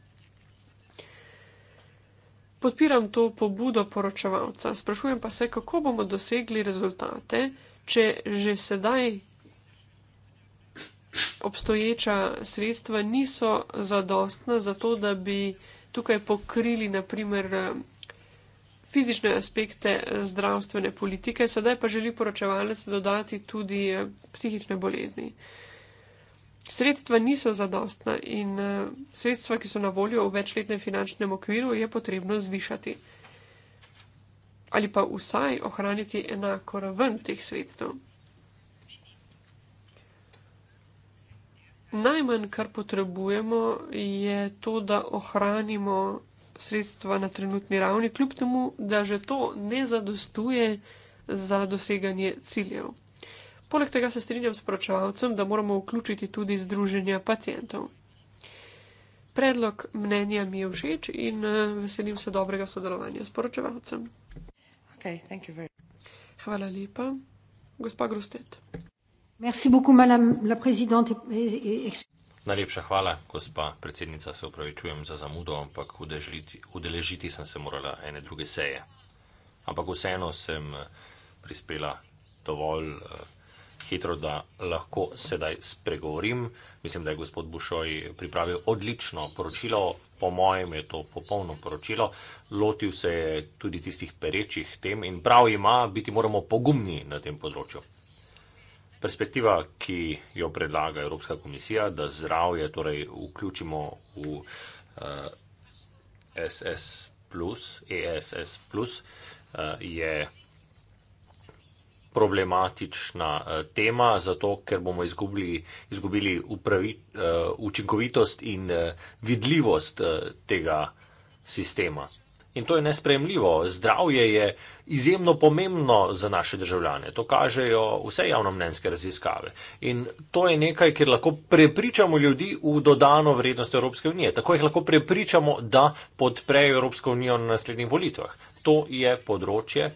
Podpiram to pobudo poročevalca. Sprašujem pa se, kako bomo dosegli rezultate, če že sedaj obstoječa sredstva niso zadostna za to, da bi tukaj pokrili, naprimer, fizične aspekte eh, zdravstvene politike, sedaj pa želi poročevalec dodati tudi eh, psihične bolezni. Sredstva niso zadostna in eh, sredstva, ki so na voljo v večletnem finančnem okviru, je potrebno zvišati ali pa vsaj ohraniti enako raven teh sredstev. Najmanj, kar potrebujemo, je to, da ohranimo sredstva na trenutni ravni, kljub temu, da že to ne zadostuje za doseganje ciljev. Poleg tega se strinjam s poročevalcem, da moramo vključiti tudi združenja pacijentov. Predlog mnenja mi je všeč in eh, veselim se dobrega sodelovanja s poročevalcem. Okay, very... Hvala lepa. Gospa Grostet. Merci beaucoup, madame la présidente. Najlepša hvala, gospa predsednica, se upravičujem za zamudo, ampak udeležiti, udeležiti sem se morala ene druge seje. Ampak vseeno sem eh, prispela dovolj eh, hitro, da lahko sedaj spregovorim. Mislim, da je gospod Bušoj pripravil odlično poročilo, po mojem je to popolno poročilo, lotil se je tudi tistih perečih tem in prav ima, biti moramo pogumni na tem področju. Perspektiva, ki jo predlaga Evropska komisija, da zdravje torej vključimo v uh, eh, SS, plus, ESS, plus, uh, je problematična uh, tema, zato ker bomo izgubili, izgubili upravi, uh, učinkovitost in uh, vidljivost uh, tega sistema. In to je nespremljivo. Zdravje je izjemno pomembno za naše državljane. To kažejo vse javnomnenjske raziskave. In to je nekaj, kjer lahko prepričamo ljudi v dodano vrednost Evropske unije. Tako jih lahko prepričamo, da podprejo Evropsko unijo na naslednjih volitvah. To je področje,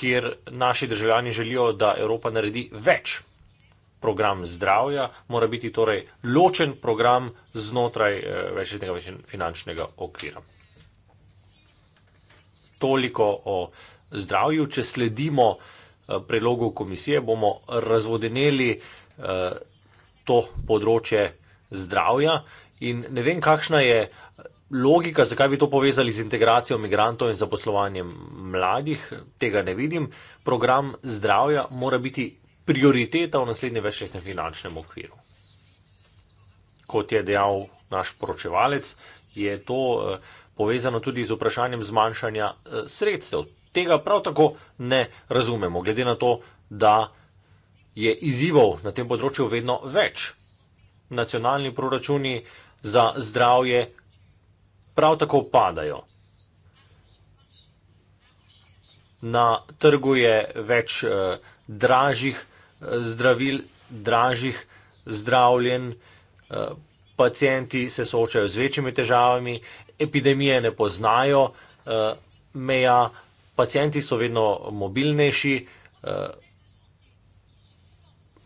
kjer naši državljani želijo, da Evropa naredi več program zdravja, mora biti torej ločen program znotraj eh, večletnega finančnega okvira. Toliko o zdravju. Če sledimo eh, predlogu komisije, bomo razvodeneli eh, to področje zdravja in ne vem, kakšna je logika, zakaj bi to povezali z integracijo migrantov in zaposlovanjem mladih, tega ne vidim. Program zdravja mora biti prioriteta v naslednjem večletnem finančnem okviru. Kot je dejal naš poročevalec, je to eh, povezano tudi z vprašanjem zmanjšanja eh, sredstev. Tega prav tako ne razumemo, glede na to, da je izzivov na tem področju vedno več. Nacionalni proračuni za zdravje prav tako padajo. Na trgu je več eh, dražjih zdravil, dražjih zdravljen, pacijenti se soočajo z večjimi težavami, epidemije ne poznajo eh, meja, pacijenti so vedno mobilnejši, eh,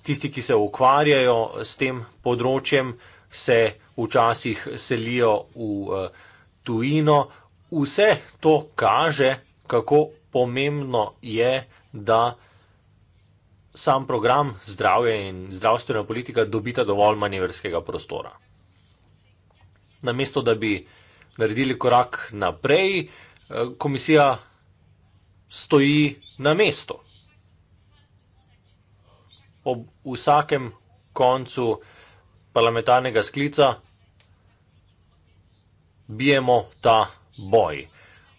tisti, ki se ukvarjajo s tem področjem, se včasih selijo v eh, tujino. Vse to kaže, kako pomembno je, da sam program zdravje in zdravstvena politika dobita dovolj manevrskega prostora. Namesto, da bi naredili korak naprej, eh, komisija stoji na mestu. Ob vsakem koncu parlamentarnega sklica bijemo ta boj.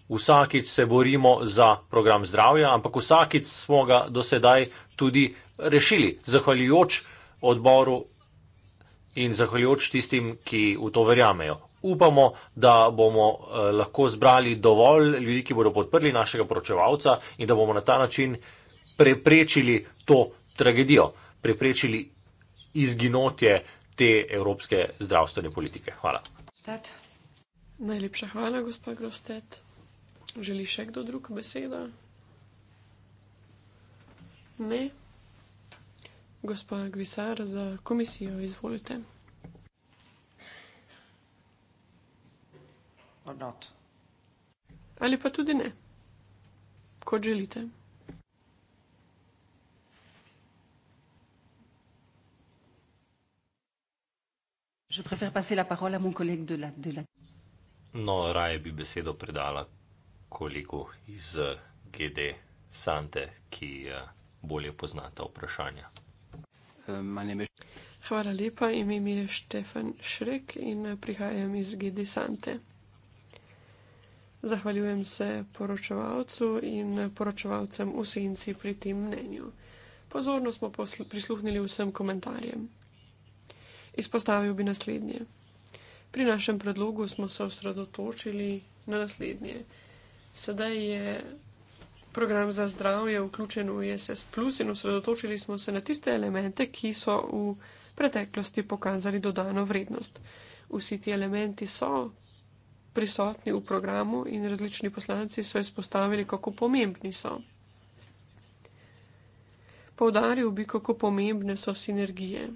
Vsakič se borimo za program zdravja, ampak vsakič smo ga dosedaj tudi rešili, zahvaljujoč odboru in zahvaljujoč tistim, ki v to verjamejo. Upamo, da bomo eh, lahko zbrali dovolj ljudi, ki bodo podprli našega poročevalca in da bomo na ta način preprečili to tragedijo, preprečili izginotje te evropske zdravstvene politike. Hvala. Stet. Najlepša hvala, gospod Grostet. Želi še kdo drug besedo? Ne. Gospa Gvisar za komisijo, izvolite. Not. Ali pa tudi ne, kot želite. No, raje bi besedo predala kolegu iz GD Sante, ki eh, bolje poznata vprašanja. Hvala lepa, ime mi je Štefan Šrek in eh, prihajam iz Gedi Sante. Zahvaljujem se poročevalcu in eh, poročevalcem v senci pri tem mnenju. Pozorno smo prisluhnili vsem komentarjem. Izpostavil bi naslednje. Pri našem predlogu smo se osredotočili na naslednje. Sedaj je program za zdravje vključen v ISS e Plus in osredotočili smo se na tiste elemente, ki so v preteklosti pokazali dodano vrednost. Vsi ti elementi so prisotni v programu in različni poslanci so izpostavili, kako pomembni so. Poudaril bi, kako pomembne so sinergije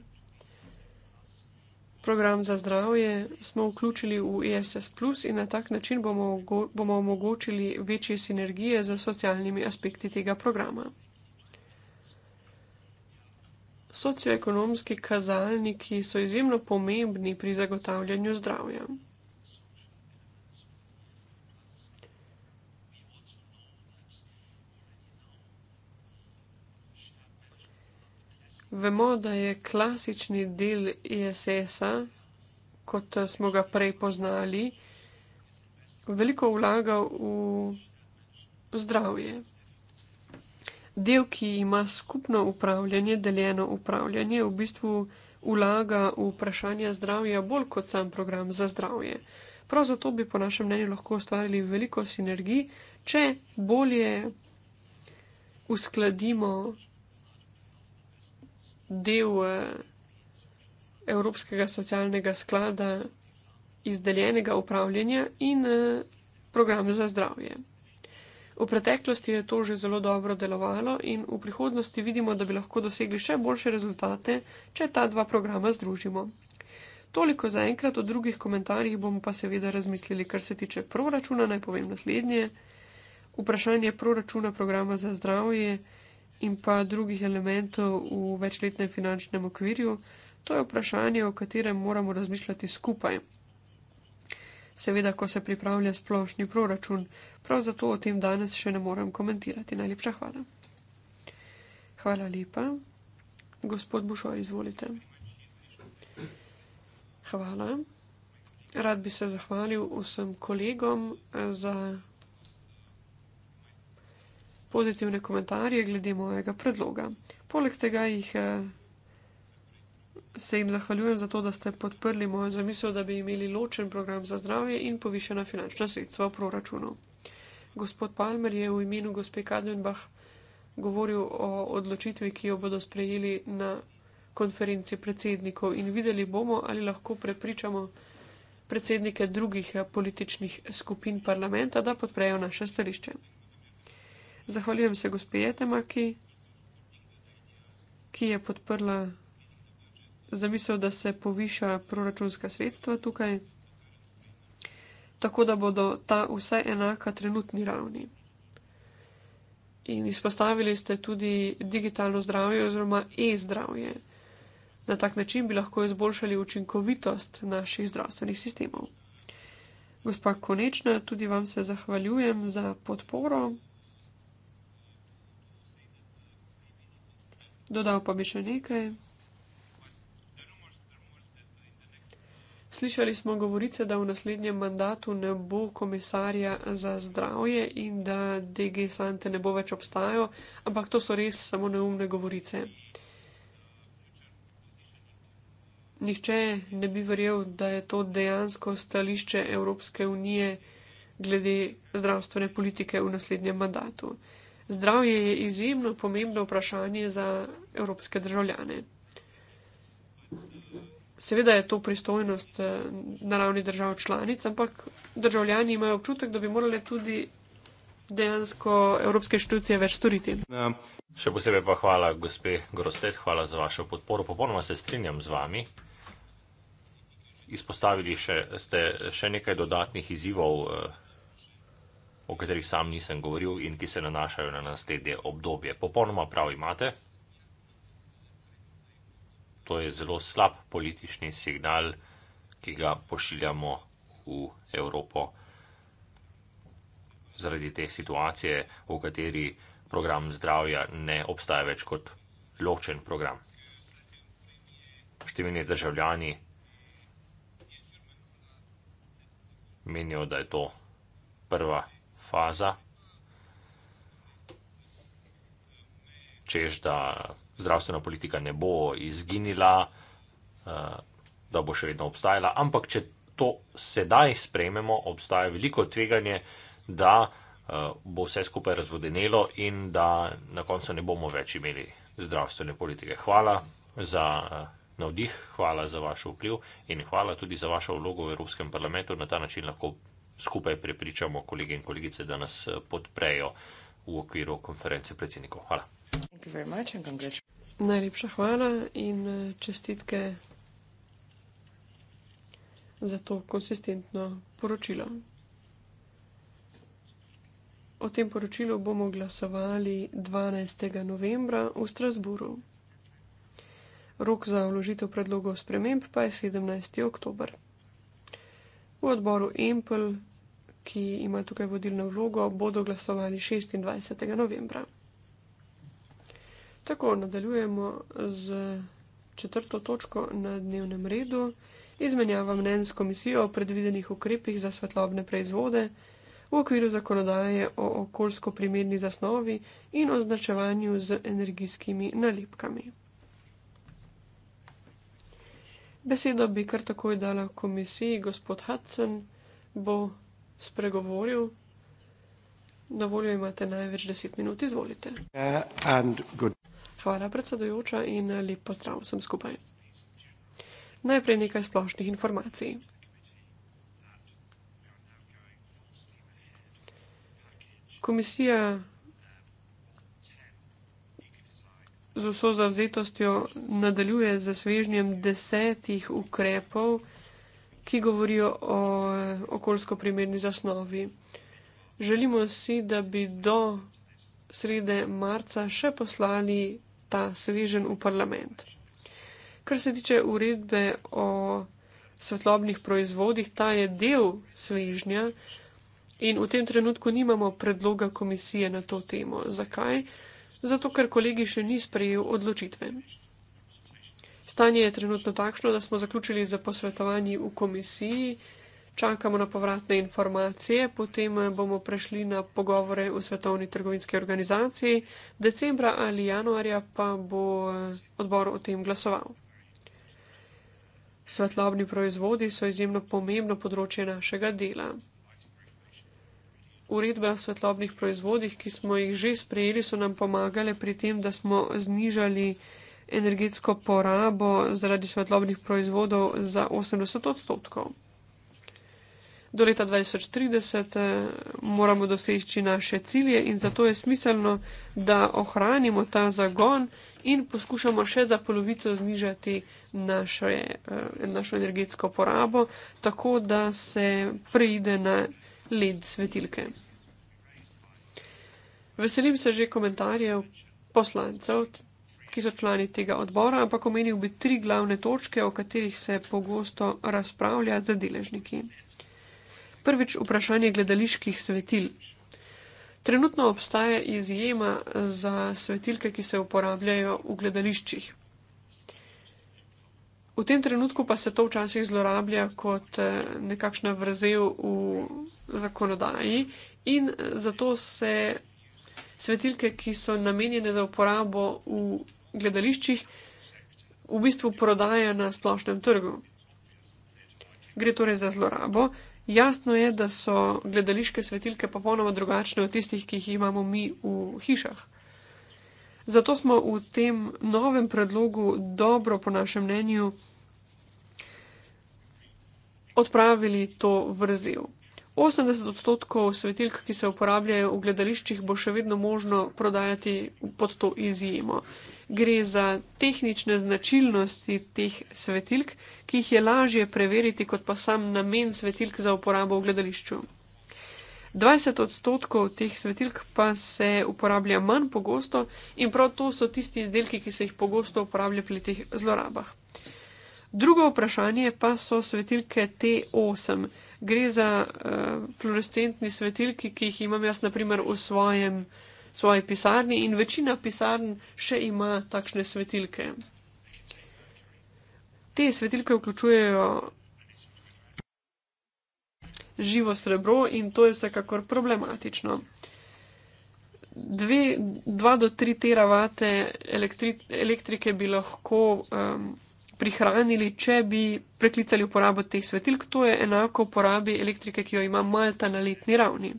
program za zdravje smo vključili v ESS Plus in na tak način bomo, bomo omogočili večje sinergije z socialnimi aspekti tega programa. Socioekonomski kazalniki so izjemno pomembni pri zagotavljanju zdravja. Vemo, da je klasični del ISS-a, kot smo ga prej poznali, veliko vlagal v zdravje. Del, ki ima skupno upravljanje, deljeno upravljanje, v bistvu vlaga v vprašanje zdravja bolj kot sam program za zdravje. Prav zato bi po našem mnenju lahko ustvarili veliko sinergij, če bolje uskladimo del eh, Evropskega socialnega sklada izdeljenega upravljanja in eh, program za zdravje. V preteklosti je to že zelo dobro delovalo in v prihodnosti vidimo, da bi lahko dosegli še boljše rezultate, če ta dva programa združimo. Toliko za enkrat, o drugih komentarjih bomo pa seveda razmislili, kar se tiče proračuna, naj povem naslednje. Vprašanje proračuna programa za zdravje je in pa drugih elementov v večletnem finančnem okvirju, to je vprašanje, o katerem moramo razmišljati skupaj. Seveda, ko se pripravlja splošni proračun, prav zato o tem danes še ne morem komentirati. Najlepša hvala. Hvala lepa. Gospod Bušo, izvolite. Hvala. Rad bi se zahvalil vsem kolegom eh, za pozitivne komentarje glede mojega predloga. Poleg tega jih, eh, se jim zahvaljujem za to, da ste podprli mojo zamisel, da bi imeli ločen program za zdravje in povišena finančna sredstva v proračunu. Gospod Palmer je v imenu gospe Kadenbach govoril o odločitvi, ki jo bodo sprejeli na konferenci predsednikov in videli bomo, ali lahko prepričamo predsednike drugih eh, političnih skupin parlamenta, da podprejo naše stališče. Zahvaljujem se gospe Temaki, ki je podprla zamisel, da se poviša proračunska sredstva tukaj, tako da bodo ta vse enaka trenutni ravni. In izpostavili ste tudi digitalno zdravje oziroma e-zdravje. Na tak način bi lahko izboljšali učinkovitost naših zdravstvenih sistemov. Gospa Konečna, tudi vam se zahvaljujem za podporo. dodal pa bi še nekaj. Slišali smo govorice, da v naslednjem mandatu ne bo komisarja za zdravje in da DG Sante ne bo več obstajal, ampak to so res samo neumne govorice. Nihče ne bi verjel, da je to dejansko stališče Evropske unije glede zdravstvene politike v naslednjem mandatu. Zdravje je izjemno pomembno vprašanje za evropske državljane. Seveda je to pristojnost eh, na ravni držav članic, ampak državljani imajo občutek, da bi morale tudi dejansko evropske inštitucije več storiti. Še posebej pa hvala, gospe Grostet, hvala za vašo podporo. Popolnoma se strinjam z vami. Izpostavili še, ste še nekaj dodatnih izzivov eh, o katerih sam nisem govoril in ki se nanašajo na naslednje obdobje. Popolnoma prav imate. To je zelo slab politični signal, ki ga pošiljamo v Evropo zaradi te situacije, v kateri program zdravja ne obstaja več kot ločen program. Številni državljani menijo, da je to prva faza, čež da zdravstvena politika ne bo izginila, eh, da bo še vedno obstajala, ampak če to sedaj sprejmemo, obstaja veliko tveganje, da eh, bo vse skupaj razvodenelo in da na koncu ne bomo več imeli zdravstvene politike. Hvala za eh, navdih, hvala za vaš vpliv in hvala tudi za vašo vlogo v Evropskem parlamentu. Na ta način lahko skupaj prepričamo kolege in kolegice, da nas eh, podprejo v okviru konference predsednikov. Hvala. Najlepša hvala in eh, čestitke za to konsistentno poročilo. O tem poročilu bomo glasovali 12. novembra v Strasburu. Rok za vložitev predlogov sprememb pa je 17. oktober. V odboru Empel ki ima tukaj vodilno vlogo, bodo glasovali 26. novembra. Tako nadaljujemo z četrto točko na dnevnem redu. Izmenjava mnen s komisijo o predvidenih ukrepih za svetlobne proizvode v okviru zakonodaje o okoljsko primerni zasnovi in označevanju z energijskimi nalepkami. Besedo bi kar takoj dala komisiji, gospod Hudson bo spregovoril. Na voljo imate največ deset minut, izvolite. Uh, Hvala predsedujoča in lep pozdrav vsem skupaj. Najprej nekaj splošnih informacij. Komisija z vso zavzetostjo nadaljuje za svežnjem desetih ukrepov, ki govorijo o okoljsko primerni zasnovi. Želimo si, da bi do srede marca še poslali ta svežen v parlament. Kar se tiče uredbe o svetlobnih proizvodih, ta je del svežnja in v tem trenutku nimamo predloga komisije na to temo. Zakaj? Zato, ker kolegi še ni sprejel odločitve. Stanje je trenutno takšno, da smo zaključili z posvetovanji v komisiji, čakamo na povratne informacije, potem bomo prešli na pogovore v Svetovni trgovinski organizaciji, decembra ali januarja pa bo eh, odbor o tem glasoval. Svetlobni proizvodi so izjemno pomembno področje našega dela. Uredbe o svetlobnih proizvodih, ki smo jih že sprejeli, so nam pomagale pri tem, da smo znižali energetsko porabo zaradi svetlobnih proizvodov za 80 odstotkov. Do leta 2030 eh, moramo doseči naše cilje in zato je smiselno, da ohranimo ta zagon in poskušamo še za polovico znižati naše, eh, našo energetsko porabo, tako da se preide na led svetilke. Veselim se že komentarjev poslancev, ki so člani tega odbora, ampak omenil bi tri glavne točke, o katerih se pogosto razpravlja z deležniki. Prvič vprašanje gledaliških svetil. Trenutno obstaja izjema za svetilke, ki se uporabljajo v gledališčih. V tem trenutku pa se to včasih zlorablja kot eh, nekakšna vrzel v zakonodaji in zato se svetilke, ki so namenjene za uporabo v gledališčih v bistvu prodaja na splošnem trgu. Gre torej za zlorabo. Jasno je, da so gledališke svetilke popolnoma drugačne od tistih, ki jih imamo mi v hišah. Zato smo v tem novem predlogu dobro, po našem mnenju, odpravili to vrzel. 80 odstotkov svetilk, ki se uporabljajo v gledališčih, bo še vedno možno prodajati pod to izjemo gre za tehnične značilnosti teh svetilk, ki jih je lažje preveriti kot pa sam namen svetilk za uporabo v gledališču. 20 odstotkov teh svetilk pa se uporablja manj pogosto in prav to so tisti izdelki, ki se jih pogosto uporablja pri teh zlorabah. Drugo vprašanje pa so svetilke T8. Gre za uh, fluorescentni svetilki, ki jih imam jaz naprimer v svojem uh, svoji pisarni in večina pisarn še ima takšne svetilke. Te svetilke vključujejo živo srebro in to je vsekakor problematično. Dve, dva do tri teravate elektri, elektrike bi lahko um, prihranili, če bi preklicali uporabo teh svetilk. To je enako porabi elektrike, ki jo ima Malta na letni ravni.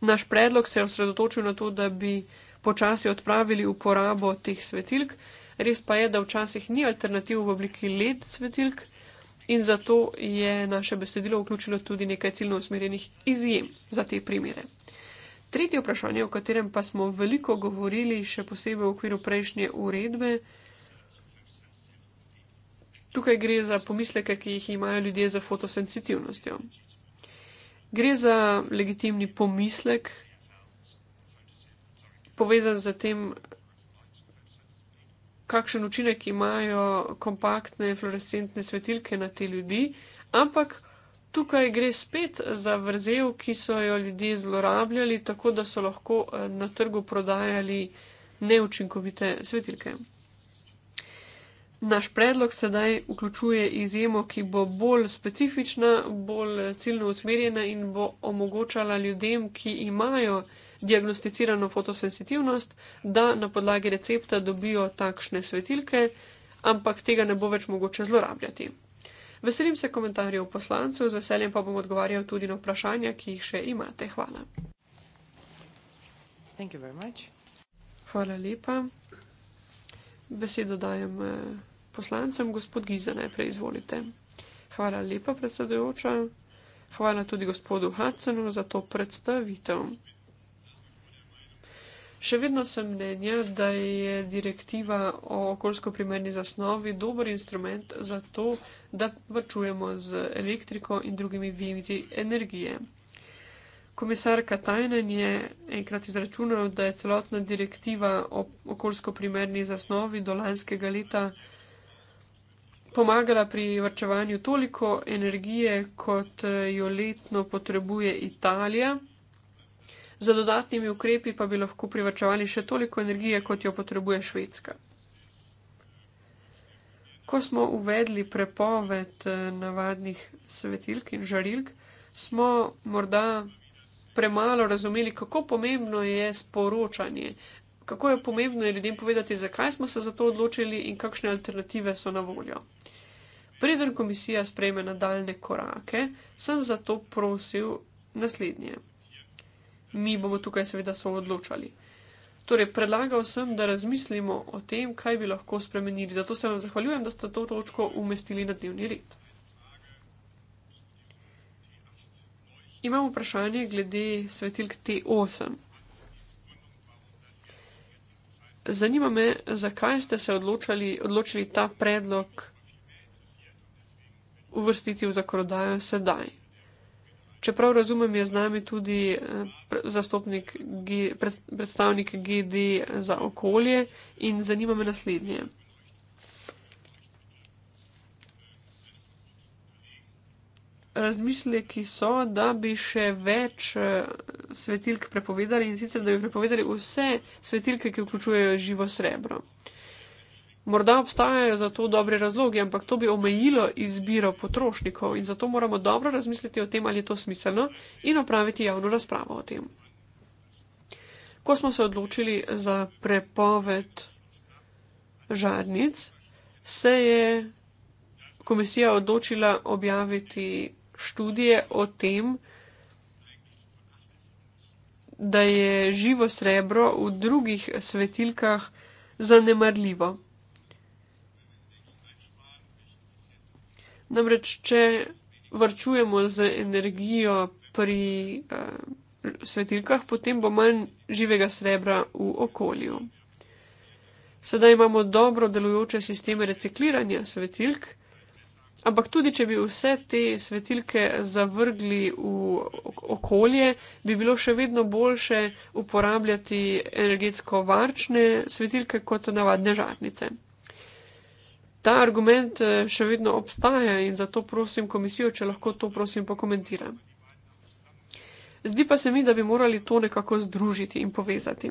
Naš predlog se je osredotočil na to, da bi počasi odpravili uporabo teh svetilk. Res pa je, da včasih ni alternativ v obliki led svetilk in zato je naše besedilo vključilo tudi nekaj ciljno usmerjenih izjem za te primere. Tretje vprašanje, o katerem pa smo veliko govorili, še posebej v okviru prejšnje uredbe. Tukaj gre za pomisleke, ki jih imajo ljudje za fotosensitivnostjo. Gre za legitimni pomislek, povezan z tem, kakšen učinek imajo kompaktne fluorescentne svetilke na te ljudi, ampak tukaj gre spet za vrzel, ki so jo ljudje zlorabljali, tako da so lahko eh, na trgu prodajali neučinkovite svetilke. Naš predlog sedaj vključuje izjemo, ki bo bolj specifična, bolj ciljno usmerjena in bo omogočala ljudem, ki imajo diagnosticirano fotosensitivnost, da na podlagi recepta dobijo takšne svetilke, ampak tega ne bo več mogoče zlorabljati. Veselim se komentarjev poslancev, z veseljem pa bom odgovarjal tudi na vprašanja, ki jih še imate. Hvala. Hvala lepa. Besedo dajem. Eh, poslancem, gospod Giza, najprej izvolite. Hvala lepa, predsedujoča. Hvala tudi gospodu Hudsonu za to predstavitev. Še vedno sem mnenja, da je direktiva o okoljsko primerni zasnovi dober instrument za to, da vrčujemo z elektriko in drugimi viri energije. Komisar Katajnen je enkrat izračunal, da je celotna direktiva o okoljsko primerni zasnovi do lanskega leta pomagala pri vrčevanju toliko energije, kot eh, jo letno potrebuje Italija. Za dodatnimi ukrepi pa bi lahko privrčevali še toliko energije, kot jo potrebuje Švedska. Ko smo uvedli prepoved eh, navadnih svetilk in žarilk, smo morda premalo razumeli, kako pomembno je sporočanje kako je pomembno je ljudem povedati, zakaj smo se za to odločili in kakšne alternative so na voljo. Preden komisija sprejme nadaljne korake, sem zato prosil naslednje. Mi bomo tukaj seveda so odločali. Torej, predlagal sem, da razmislimo o tem, kaj bi lahko spremenili. Zato se vam zahvaljujem, da ste to točko umestili na dnevni red. Imam vprašanje glede svetilk T8. Zanima me, zakaj ste se odločali, odločili ta predlog uvrstiti v zakonodajo sedaj. Čeprav razumem, je z nami tudi eh, G, predstavnik GD za okolje in zanima me naslednje. razmisleki so, da bi še več eh, svetilk prepovedali in sicer, da bi prepovedali vse svetilke, ki vključujejo živo srebro. Morda obstajajo za to dobre razloge, ampak to bi omejilo izbiro potrošnikov in zato moramo dobro razmisliti o tem, ali je to smiselno in opraviti javno razpravo o tem. Ko smo se odločili za prepoved žarnic, se je komisija odločila objaviti študije o tem, da je živo srebro v drugih svetilkah zanemarljivo. Namreč, če vrčujemo z energijo pri uh, svetilkah, potem bo manj živega srebra v okolju. Sedaj imamo dobro delujoče sisteme recikliranja svetilk. Ampak tudi, če bi vse te svetilke zavrgli v okolje, bi bilo še vedno boljše uporabljati energetsko varčne svetilke kot navadne žarnice. Ta argument eh, še vedno obstaja in zato prosim komisijo, če lahko to prosim pokomentira. Zdi pa se mi, da bi morali to nekako združiti in povezati.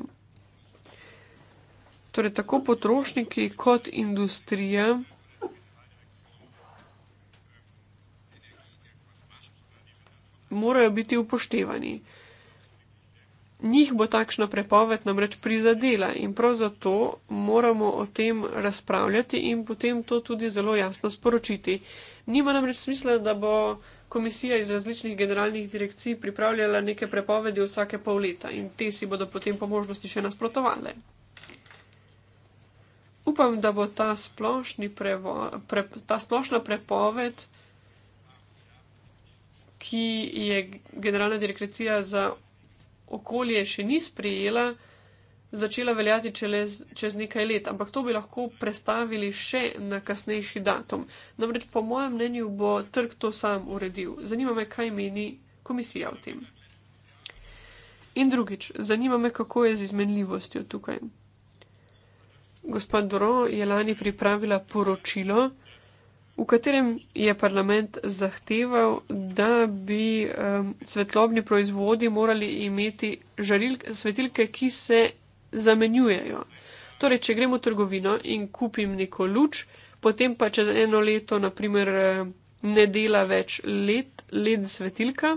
Torej, tako potrošniki kot industrija morajo biti upoštevani. Njih bo takšna prepoved namreč prizadela in prav zato moramo o tem razpravljati in potem to tudi zelo jasno sporočiti. Nima namreč smisla, da bo komisija iz različnih generalnih direkcij pripravljala neke prepovedi vsake pol leta in te si bodo potem po možnosti še nasprotovale. Upam, da bo ta, prevo, pre, ta splošna prepoved ki je generalna direkcija za okolje še ni sprejela, začela veljati čez, čez nekaj let, ampak to bi lahko prestavili še na kasnejši datum. Namreč, po mojem mnenju, bo trg to sam uredil. Zanima me, kaj meni komisija o tem. In drugič, zanima me, kako je z izmenljivostjo tukaj. Gospod Doro je lani pripravila poročilo, v katerem je parlament zahteval, da bi um, svetlobni proizvodi morali imeti žaril, svetilke, ki se zamenjujejo. Torej, če gremo v trgovino in kupim neko luč, potem pa čez eno leto, naprimer, ne dela več led, led svetilka,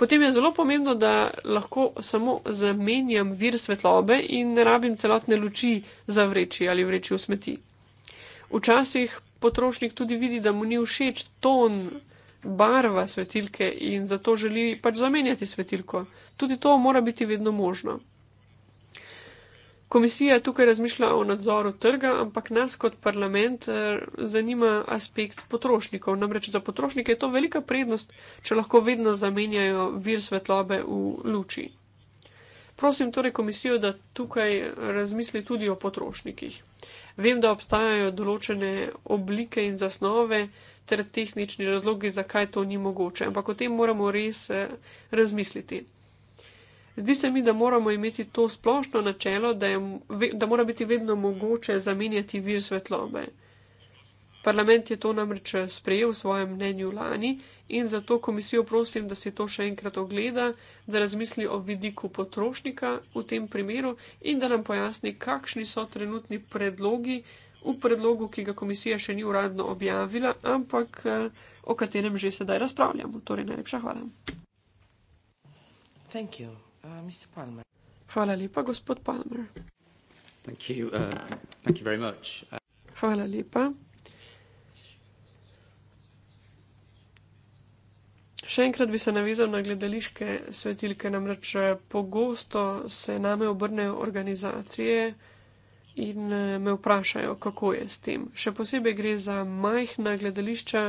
potem je zelo pomembno, da lahko samo zamenjam vir svetlobe in ne rabim celotne luči za vreči ali vreči v smeti. Včasih potrošnik tudi vidi, da mu ni všeč ton barva svetilke in zato želi pač zamenjati svetilko. Tudi to mora biti vedno možno. Komisija tukaj razmišlja o nadzoru trga, ampak nas kot parlament eh, zanima aspekt potrošnikov. Namreč za potrošnike je to velika prednost, če lahko vedno zamenjajo vir svetlobe v luči. Prosim torej komisijo, da tukaj razmisli tudi o potrošnikih. Vem, da obstajajo določene oblike in zasnove ter tehnični razlogi, zakaj to ni mogoče, ampak o tem moramo res eh, razmisliti. Zdi se mi, da moramo imeti to splošno načelo, da, je, da mora biti vedno mogoče zamenjati vir svetlobe. Parlament je to namreč eh, sprejel v svojem mnenju lani in zato komisijo prosim, da si to še enkrat ogleda, da razmisli o vidiku potrošnika v tem primeru in da nam pojasni, kakšni so trenutni predlogi v predlogu, ki ga komisija še ni uradno objavila, ampak eh, o katerem že sedaj razpravljamo. Torej, najlepša hvala. Uh, hvala lepa, gospod Palmer. Uh, hvala lepa. Še enkrat bi se navezal na gledališke svetilke, namreč eh, pogosto se name obrnejo organizacije in eh, me vprašajo, kako je s tem. Še posebej gre za majhna gledališča,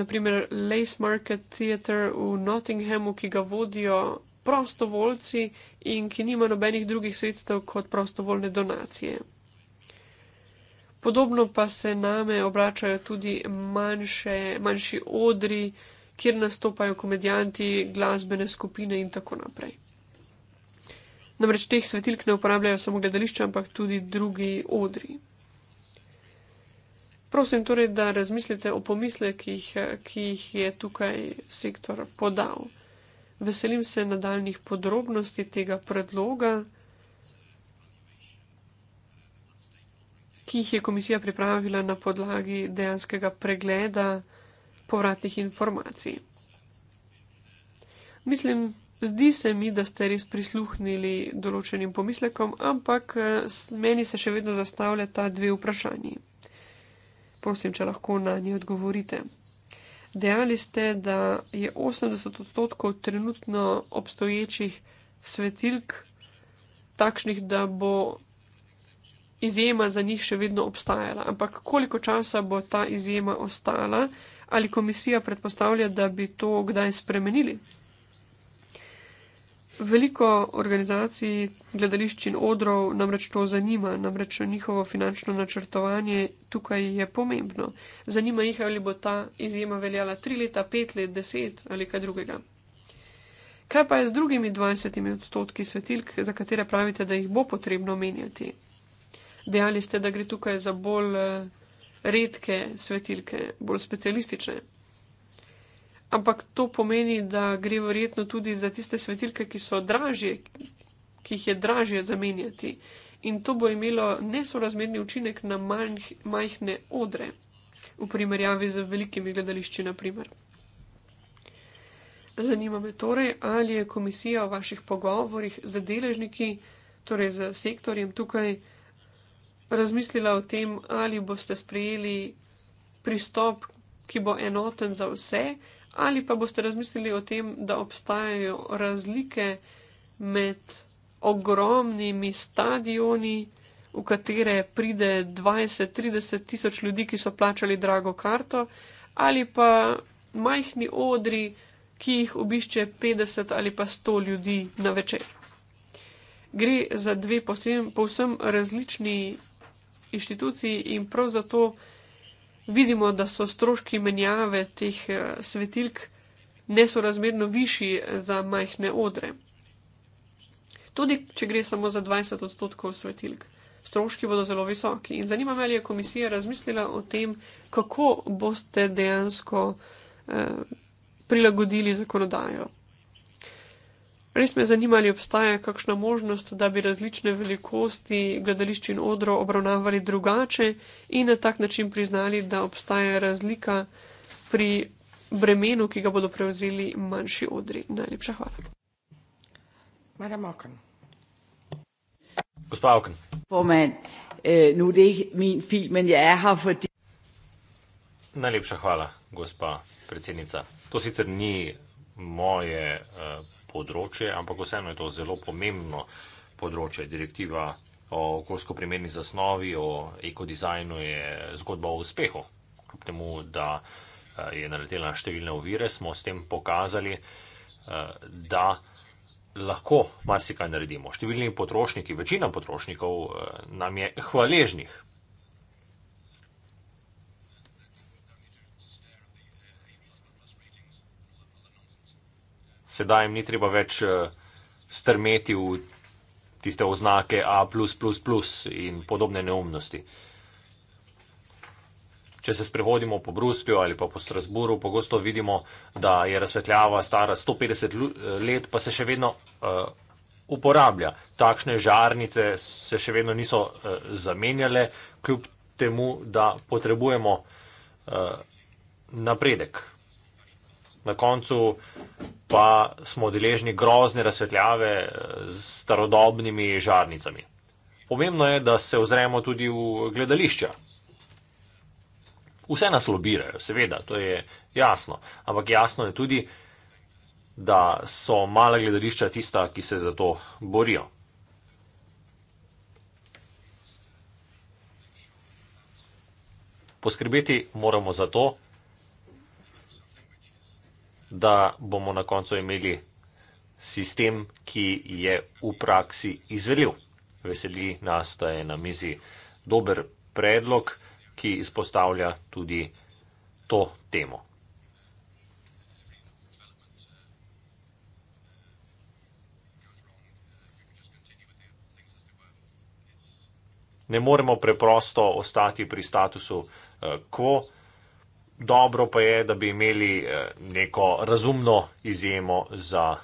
naprimer Lace Market Theatre v Nottinghamu, ki ga vodijo prostovoljci in ki nima nobenih drugih sredstev kot prostovoljne donacije. Podobno pa se name obračajo tudi manjše, manjši odri, kjer nastopajo komedijanti, glasbene skupine in tako naprej. Namreč teh svetilk ne uporabljajo samo gledališča, ampak tudi drugi odri. Prosim torej, da razmislite o pomislekih, ki jih je tukaj sektor podal. Veselim se nadaljnih podrobnosti tega predloga. ki jih je komisija pripravila na podlagi dejanskega pregleda povratnih informacij. Mislim, zdi se mi, da ste res prisluhnili določenim pomislekom, ampak eh, meni se še vedno zastavlja ta dve vprašanji. Prosim, če lahko na nje odgovorite. Dejali ste, da je 80 odstotkov trenutno obstoječih svetilk takšnih, da bo izjema za njih še vedno obstajala. Ampak koliko časa bo ta izjema ostala, ali komisija predpostavlja, da bi to kdaj spremenili? Veliko organizacij, gledališč in odrov namreč to zanima, namreč njihovo finančno načrtovanje tukaj je pomembno. Zanima jih, ali bo ta izjema veljala tri leta, pet let, deset ali kaj drugega. Kaj pa je z drugimi 20 odstotki svetilk, za katere pravite, da jih bo potrebno menjati? dejali ste, da gre tukaj za bolj eh, redke svetilke, bolj specialistične. Ampak to pomeni, da gre verjetno tudi za tiste svetilke, ki so dražje, ki jih je dražje zamenjati. In to bo imelo nesorazmerni učinek na manjh, majhne odre, v primerjavi z velikimi gledališči, naprimer. Zanima me torej, ali je komisija v vaših pogovorjih z deležniki, torej z sektorjem tukaj, razmislila o tem, ali boste sprejeli pristop, ki bo enoten za vse, ali pa boste razmislili o tem, da obstajajo razlike med ogromnimi stadioni, v katere pride 20-30 tisoč ljudi, ki so plačali drago karto, ali pa majhni odri, ki jih obišče 50 ali pa 100 ljudi na večer. Gre za dve posebno, povsem različni inštitucij in prav zato vidimo, da so stroški menjave teh eh, svetilk nesorazmerno višji eh, za majhne odre. Tudi, če gre samo za 20 odstotkov svetilk, stroški bodo zelo visoki. In zanima me, ali je komisija razmislila o tem, kako boste dejansko eh, prilagodili zakonodajo Res me zanima, ali obstaja kakšna možnost, da bi različne velikosti gledališč in odrov obravnavali drugače in na tak način priznali, da obstaja razlika pri bremenu, ki ga bodo prevzeli manjši odri. Najlepša hvala. Madam Okan. Gospa Okan. Pomen, eh, nu er de min filmen je aha, er fordi... Najlepša hvala, gospa predsednica. To sicer ni moje. Eh, področje, ampak vseeno je to zelo pomembno področje. Direktiva o okoljsko primerni zasnovi, o ekodizajnu je zgodba o uspehu. Kljub temu, da eh, je naletela na številne ovire, smo s tem pokazali, eh, da lahko marsikaj naredimo. Številni potrošniki, večina potrošnikov eh, nam je hvaležnih, sedaj jim ni treba več eh, strmeti v tiste oznake A in podobne neumnosti. Če se sprehodimo po Bruslju ali pa po Strasburu, pogosto vidimo, da je razsvetljava stara 150 eh, let, pa se še vedno uh, uporablja. Takšne žarnice se še vedno niso uh, zamenjale, kljub temu, da potrebujemo uh, napredek na koncu pa smo deležni grozne razsvetljave s starodobnimi žarnicami. Pomembno je, da se ozremo tudi v gledališča. Vse nas lobirajo, seveda, to je jasno, ampak jasno je tudi, da so mala gledališča tista, ki se za to borijo. Poskrbeti moramo za to, da bomo na koncu imeli sistem, ki je v praksi izveljiv. Veseli nas, da je na mizi dober predlog, ki izpostavlja tudi to temo. Ne moremo preprosto ostati pri statusu eh, quo. Uh, dobro pa je, da bi imeli eh, neko razumno izjemo za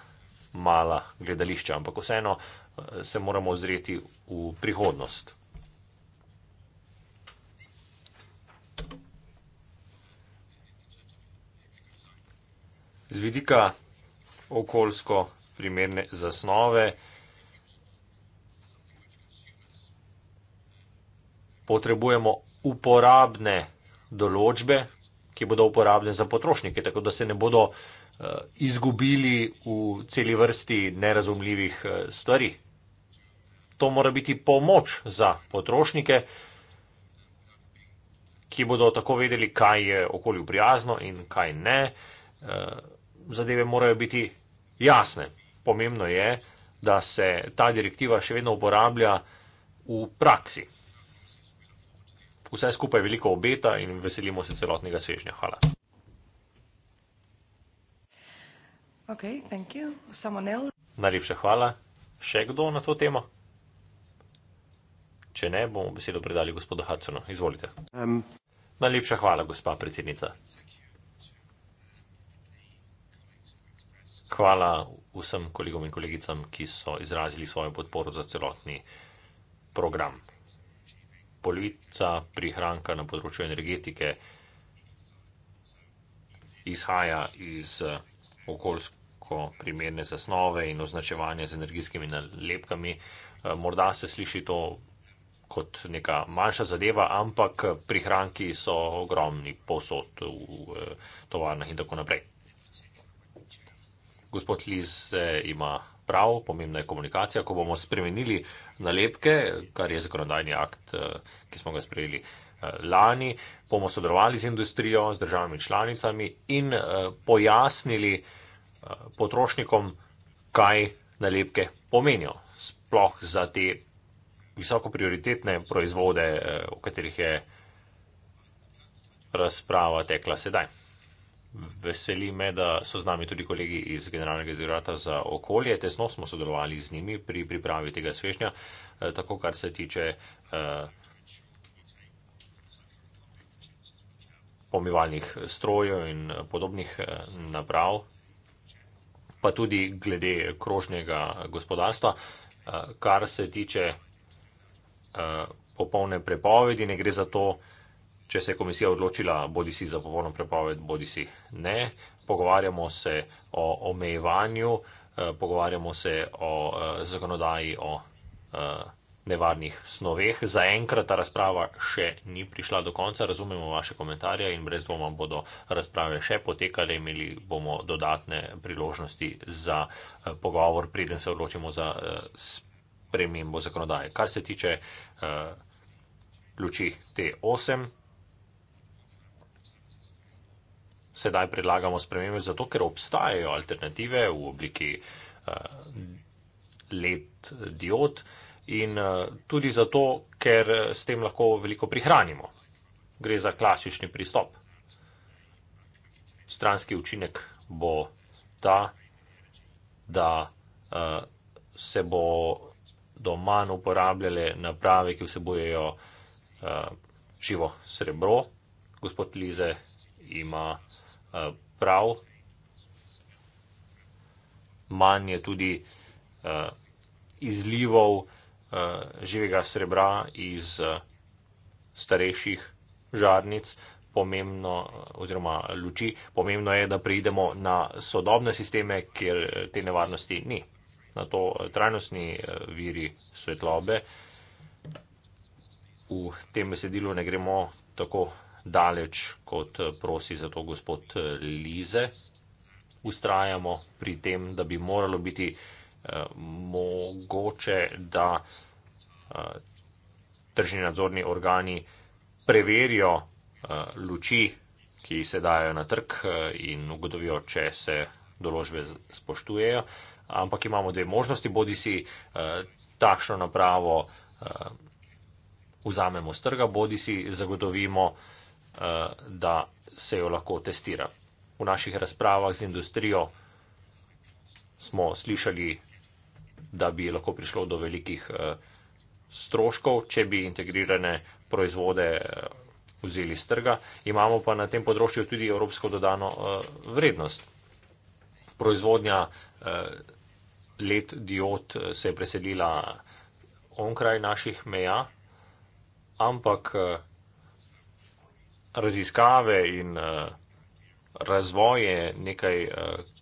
mala gledališča, ampak vseeno eh, se moramo ozreti v prihodnost. Z vidika okoljsko primerne zasnove potrebujemo uporabne določbe, ki bodo uporabljene za potrošnike, tako da se ne bodo uh, izgubili v celi vrsti nerazumljivih uh, stvari. To mora biti pomoč za potrošnike, ki bodo tako vedeli, kaj je okolju prijazno in kaj ne. Eh, zadeve morajo biti jasne. Pomembno je, da se ta direktiva še vedno uporablja v praksi vse skupaj veliko obeta in veselimo se celotnega svežnja. Hvala. Okay, thank you. Someone else? Najlepša hvala. Še kdo na to temo? Če ne, bomo besedo predali gospodu Hudsonu. Izvolite. Um, Najlepša hvala, gospa predsednica. Hvala vsem kolegom in kolegicam, ki so izrazili svojo podporo za celotni program polica prihranka na področju energetike izhaja iz eh, okoljsko primerne zasnove in označevanja z energijskimi nalepkami. Eh, morda se sliši to kot neka manjša zadeva, ampak prihranki so ogromni posod v eh, tovarnah in tako naprej. Gospod Liz ima prav, pomembna je komunikacija. Ko bomo spremenili nalepke, kar je zakonodajni akt, eh, ki smo ga sprejeli eh, lani, bomo sodelovali z industrijo, z državami članicami in eh, pojasnili potrošnikom, kaj nalepke pomenijo. Sploh za te visoko prioritetne proizvode, o katerih je razprava tekla sedaj. Veseli me, da so z nami tudi kolegi iz Generalnega direktorata za okolje. Tesno smo sodelovali z njimi pri pripravi tega svežnja, eh, tako kar se tiče eh, pomivalnih strojev in eh, podobnih naprav, pa tudi glede krožnega gospodarstva. Kar se tiče popolne prepovedi, ne gre za to, da če se je komisija odločila bodi si za popolno prepoved, bodi si ne. Pogovarjamo se o omejevanju, eh, pogovarjamo se o eh, zakonodaji o eh, nevarnih snoveh. Zaenkrat ta razprava še ni prišla do konca. Razumemo vaše komentarje in brez dvoma bodo razprave še potekale. Imeli bomo dodatne priložnosti za pogovor, preden se odločimo za spremembo zakonodaje. Kar se tiče luči T8. sedaj predlagamo spremembe, zato ker obstajajo alternative v obliki eh, let diod in eh, tudi zato, ker eh, s tem lahko veliko prihranimo. Gre za klasični pristop. Stranski učinek bo ta, da uh, se bo doma uporabljale naprave, ki vsebojejo uh, živo srebro. Gospod Lize ima uh, Eh, prav, manj je tudi eh, izlivov eh, živega srebra iz starejših žarnic, pomembno oziroma luči, pomembno je, da prijdemo na sodobne sisteme, kjer te nevarnosti ni. Na to trajnostni viri svetlobe v tem besedilu ne gremo tako daleč, kot eh, prosi za to gospod eh, Lize. Ustrajamo pri tem, da bi moralo biti eh, mogoče, da eh, tržni nadzorni organi preverijo eh, luči, ki se dajo na trg eh, in ugotovijo, če se določbe spoštujejo. Ampak imamo dve možnosti, bodi si eh, takšno napravo eh, vzamemo z trga, bodi si zagotovimo eh, Eh, da se jo lahko testira. V naših razpravah z industrijo smo slišali, da bi lahko prišlo do velikih eh, stroškov, če bi integrirane proizvode eh, vzeli z trga. Imamo pa na tem področju tudi evropsko dodano vrednost. Proizvodnja let diod se je preselila onkraj naših meja, ampak raziskave in uh, eh, razvoj je nekaj, uh,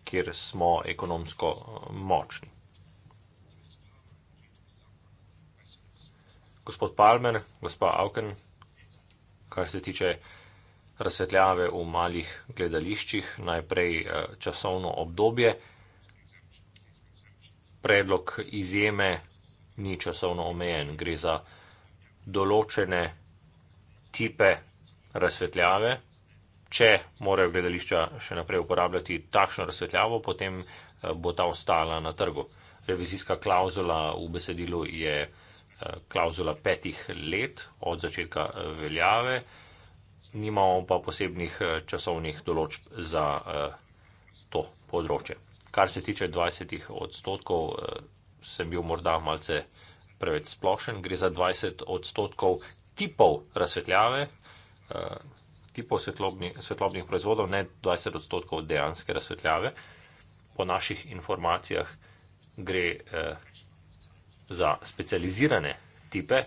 kjer smo ekonomsko eh, močni. Gospod Palmer, gospod Auken, kar se tiče razsvetljave v malih gledališčih, najprej uh, časovno obdobje, predlog izjeme ni časovno omejen, gre za določene tipe razsvetljave. Če morajo gledališča še naprej uporabljati takšno razsvetljavo, potem eh, bo ta ostala na trgu. Revizijska klauzula v besedilu je eh, klauzula petih let od začetka eh, veljave, nimamo pa posebnih časovnih določb za to področje. Kar se tiče 20 odstotkov, sem bil morda malce preveč splošen, gre za 20 odstotkov tipov razsvetljave, Eh, tipov svetlobni, svetlobnih proizvodov, ne 20 odstotkov dejanske razsvetljave. Po naših informacijah gre eh, za specializirane tipe,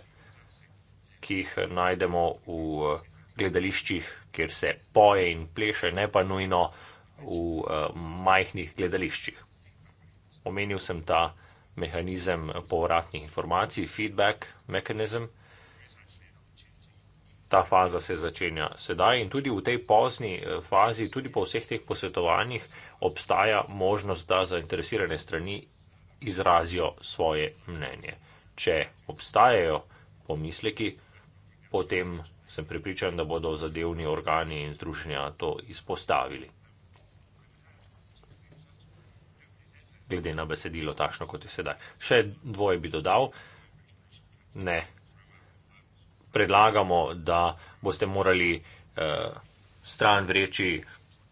ki jih najdemo v eh, gledališčih, kjer se poje in pleše, ne pa nujno v eh, majhnih gledališčih. Omenil sem ta mehanizem povratnih informacij, feedback mehanizem ta faza se začenja sedaj in tudi v tej pozni eh, fazi, tudi po vseh teh posvetovanjih, obstaja možnost, da zainteresirane strani izrazijo svoje mnenje. Če obstajajo pomisleki, potem sem pripričan, da bodo zadevni organi in združenja to izpostavili. Glede na besedilo, takšno kot je sedaj. Še dvoje bi dodal. Ne, predlagamo, da boste morali uh, stran vreči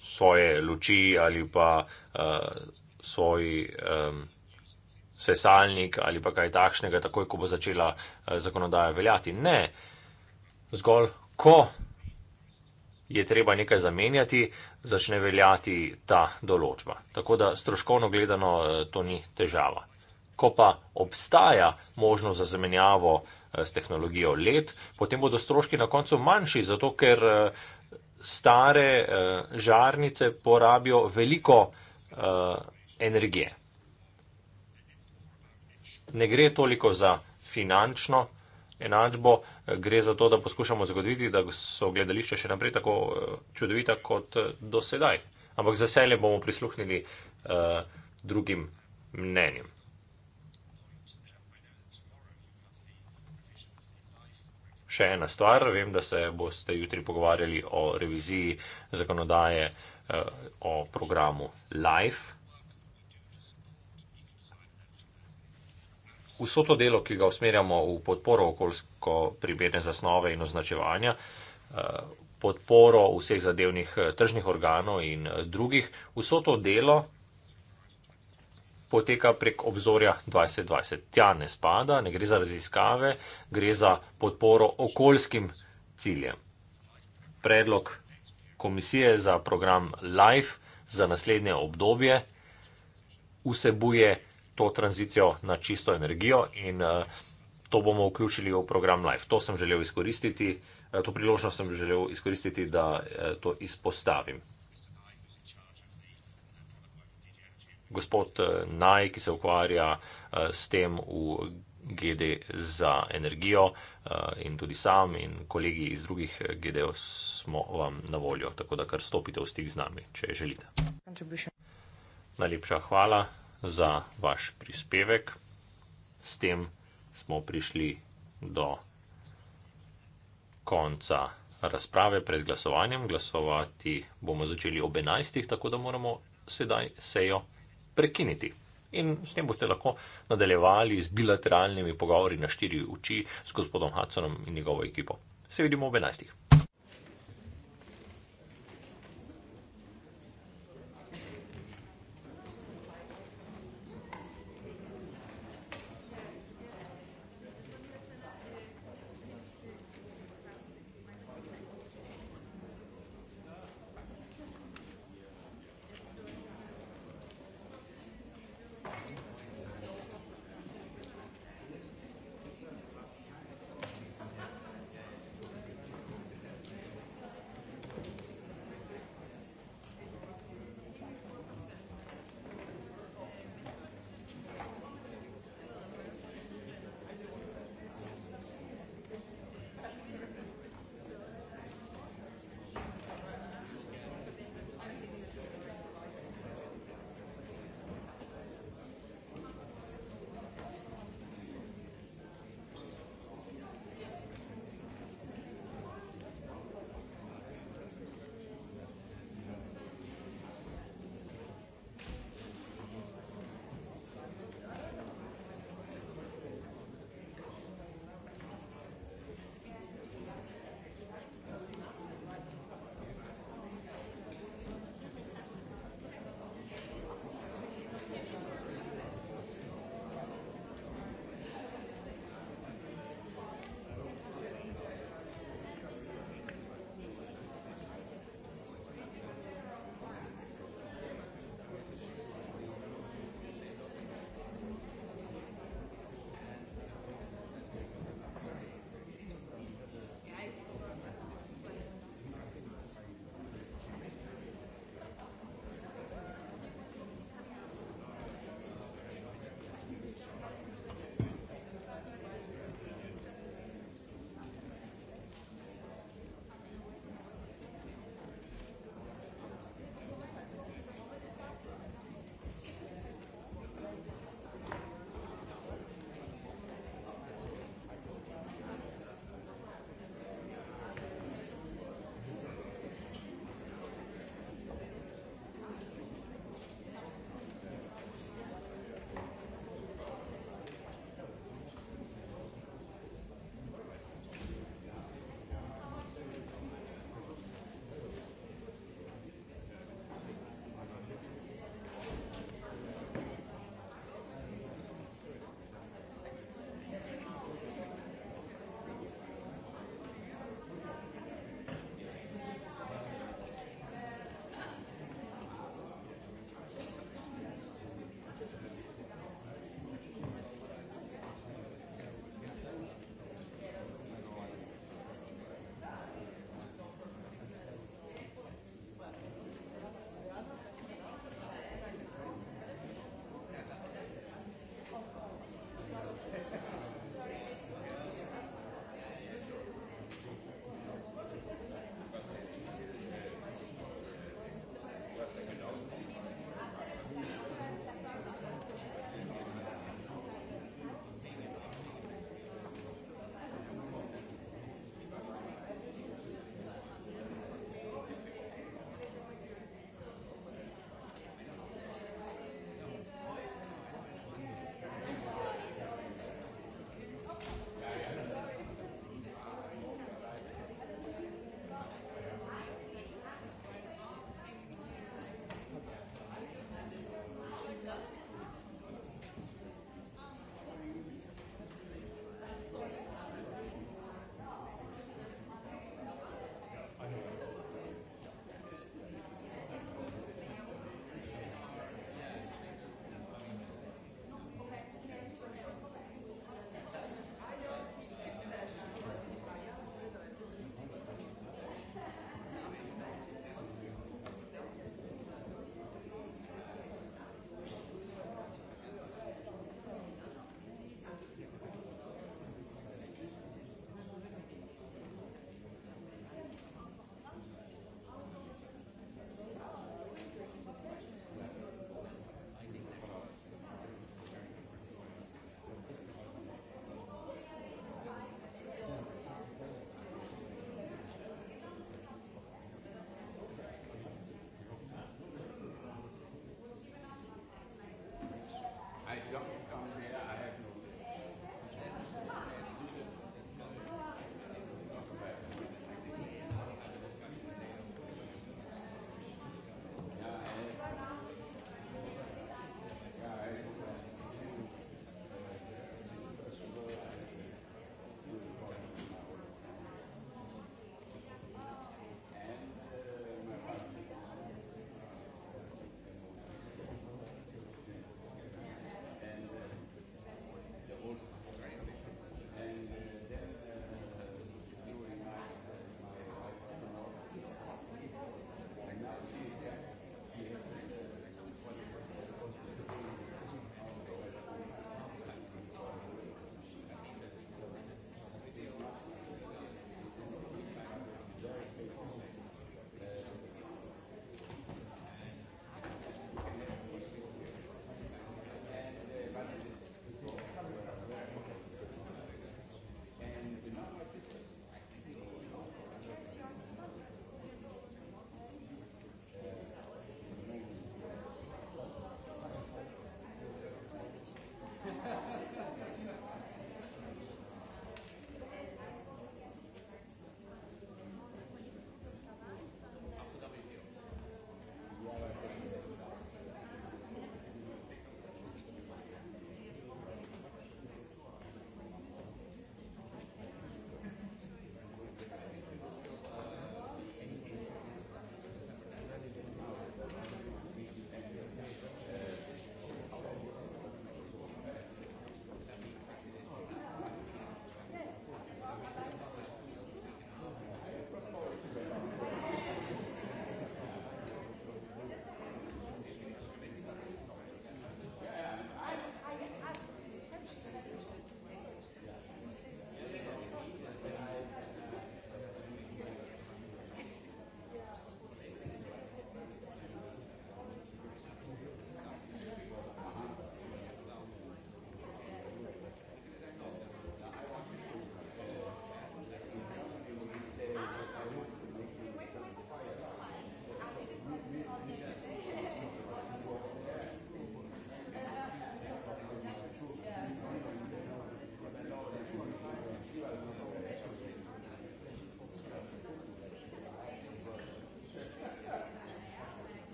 svoje luči ali pa uh, svoj um, sesalnik ali pa kaj takšnega, takoj ko bo začela uh, zakonodaja veljati. Ne, zgolj ko je treba nekaj zamenjati, začne veljati ta določba. Tako da stroškovno gledano to ni težava. Ko pa obstaja možnost za zamenjavo uh, Eh, s tehnologijo LED, potem bodo stroški na koncu manjši, zato ker eh, stare eh, žarnice porabijo veliko energije. Ne gre toliko za finančno enačbo, gre za to, da poskušamo zagotoviti, da so gledališče še naprej tako čudovita kot do sedaj. Ampak z veseljem bomo prisluhnili uh, drugim mnenjem. še ena stvar. Vem, da se boste jutri pogovarjali o reviziji zakonodaje eh, o programu LIFE. Vso to delo, ki ga usmerjamo v podporo okoljsko primerne zasnove in označevanja, eh, podporo vseh zadevnih eh, tržnih organov in drugih, vso to delo poteka prek obzorja 2020. Tja ne spada, ne gre za raziskave, gre za podporo okoljskim ciljem. Predlog komisije za program LIFE za naslednje obdobje vsebuje to tranzicijo na čisto energijo in eh, to bomo vključili v program LIFE. To sem želel izkoristiti, eh, to priložnost sem želel izkoristiti, da eh, to izpostavim. gospod eh, Naj, ki se ukvarja eh, s tem v GD za energijo eh, in tudi sam in kolegi iz drugih GD-ov smo vam na voljo, tako da kar stopite v stik z nami, če želite. Najlepša hvala za vaš prispevek. S tem smo prišli do konca razprave pred glasovanjem. Glasovati bomo začeli ob 11, tako da moramo sedaj sejo prekiniti. In s tem boste lahko nadaljevali z bilateralnimi pogovori na štiri oči s gospodom Hudsonom in njegovo ekipo. Se vidimo ob 11.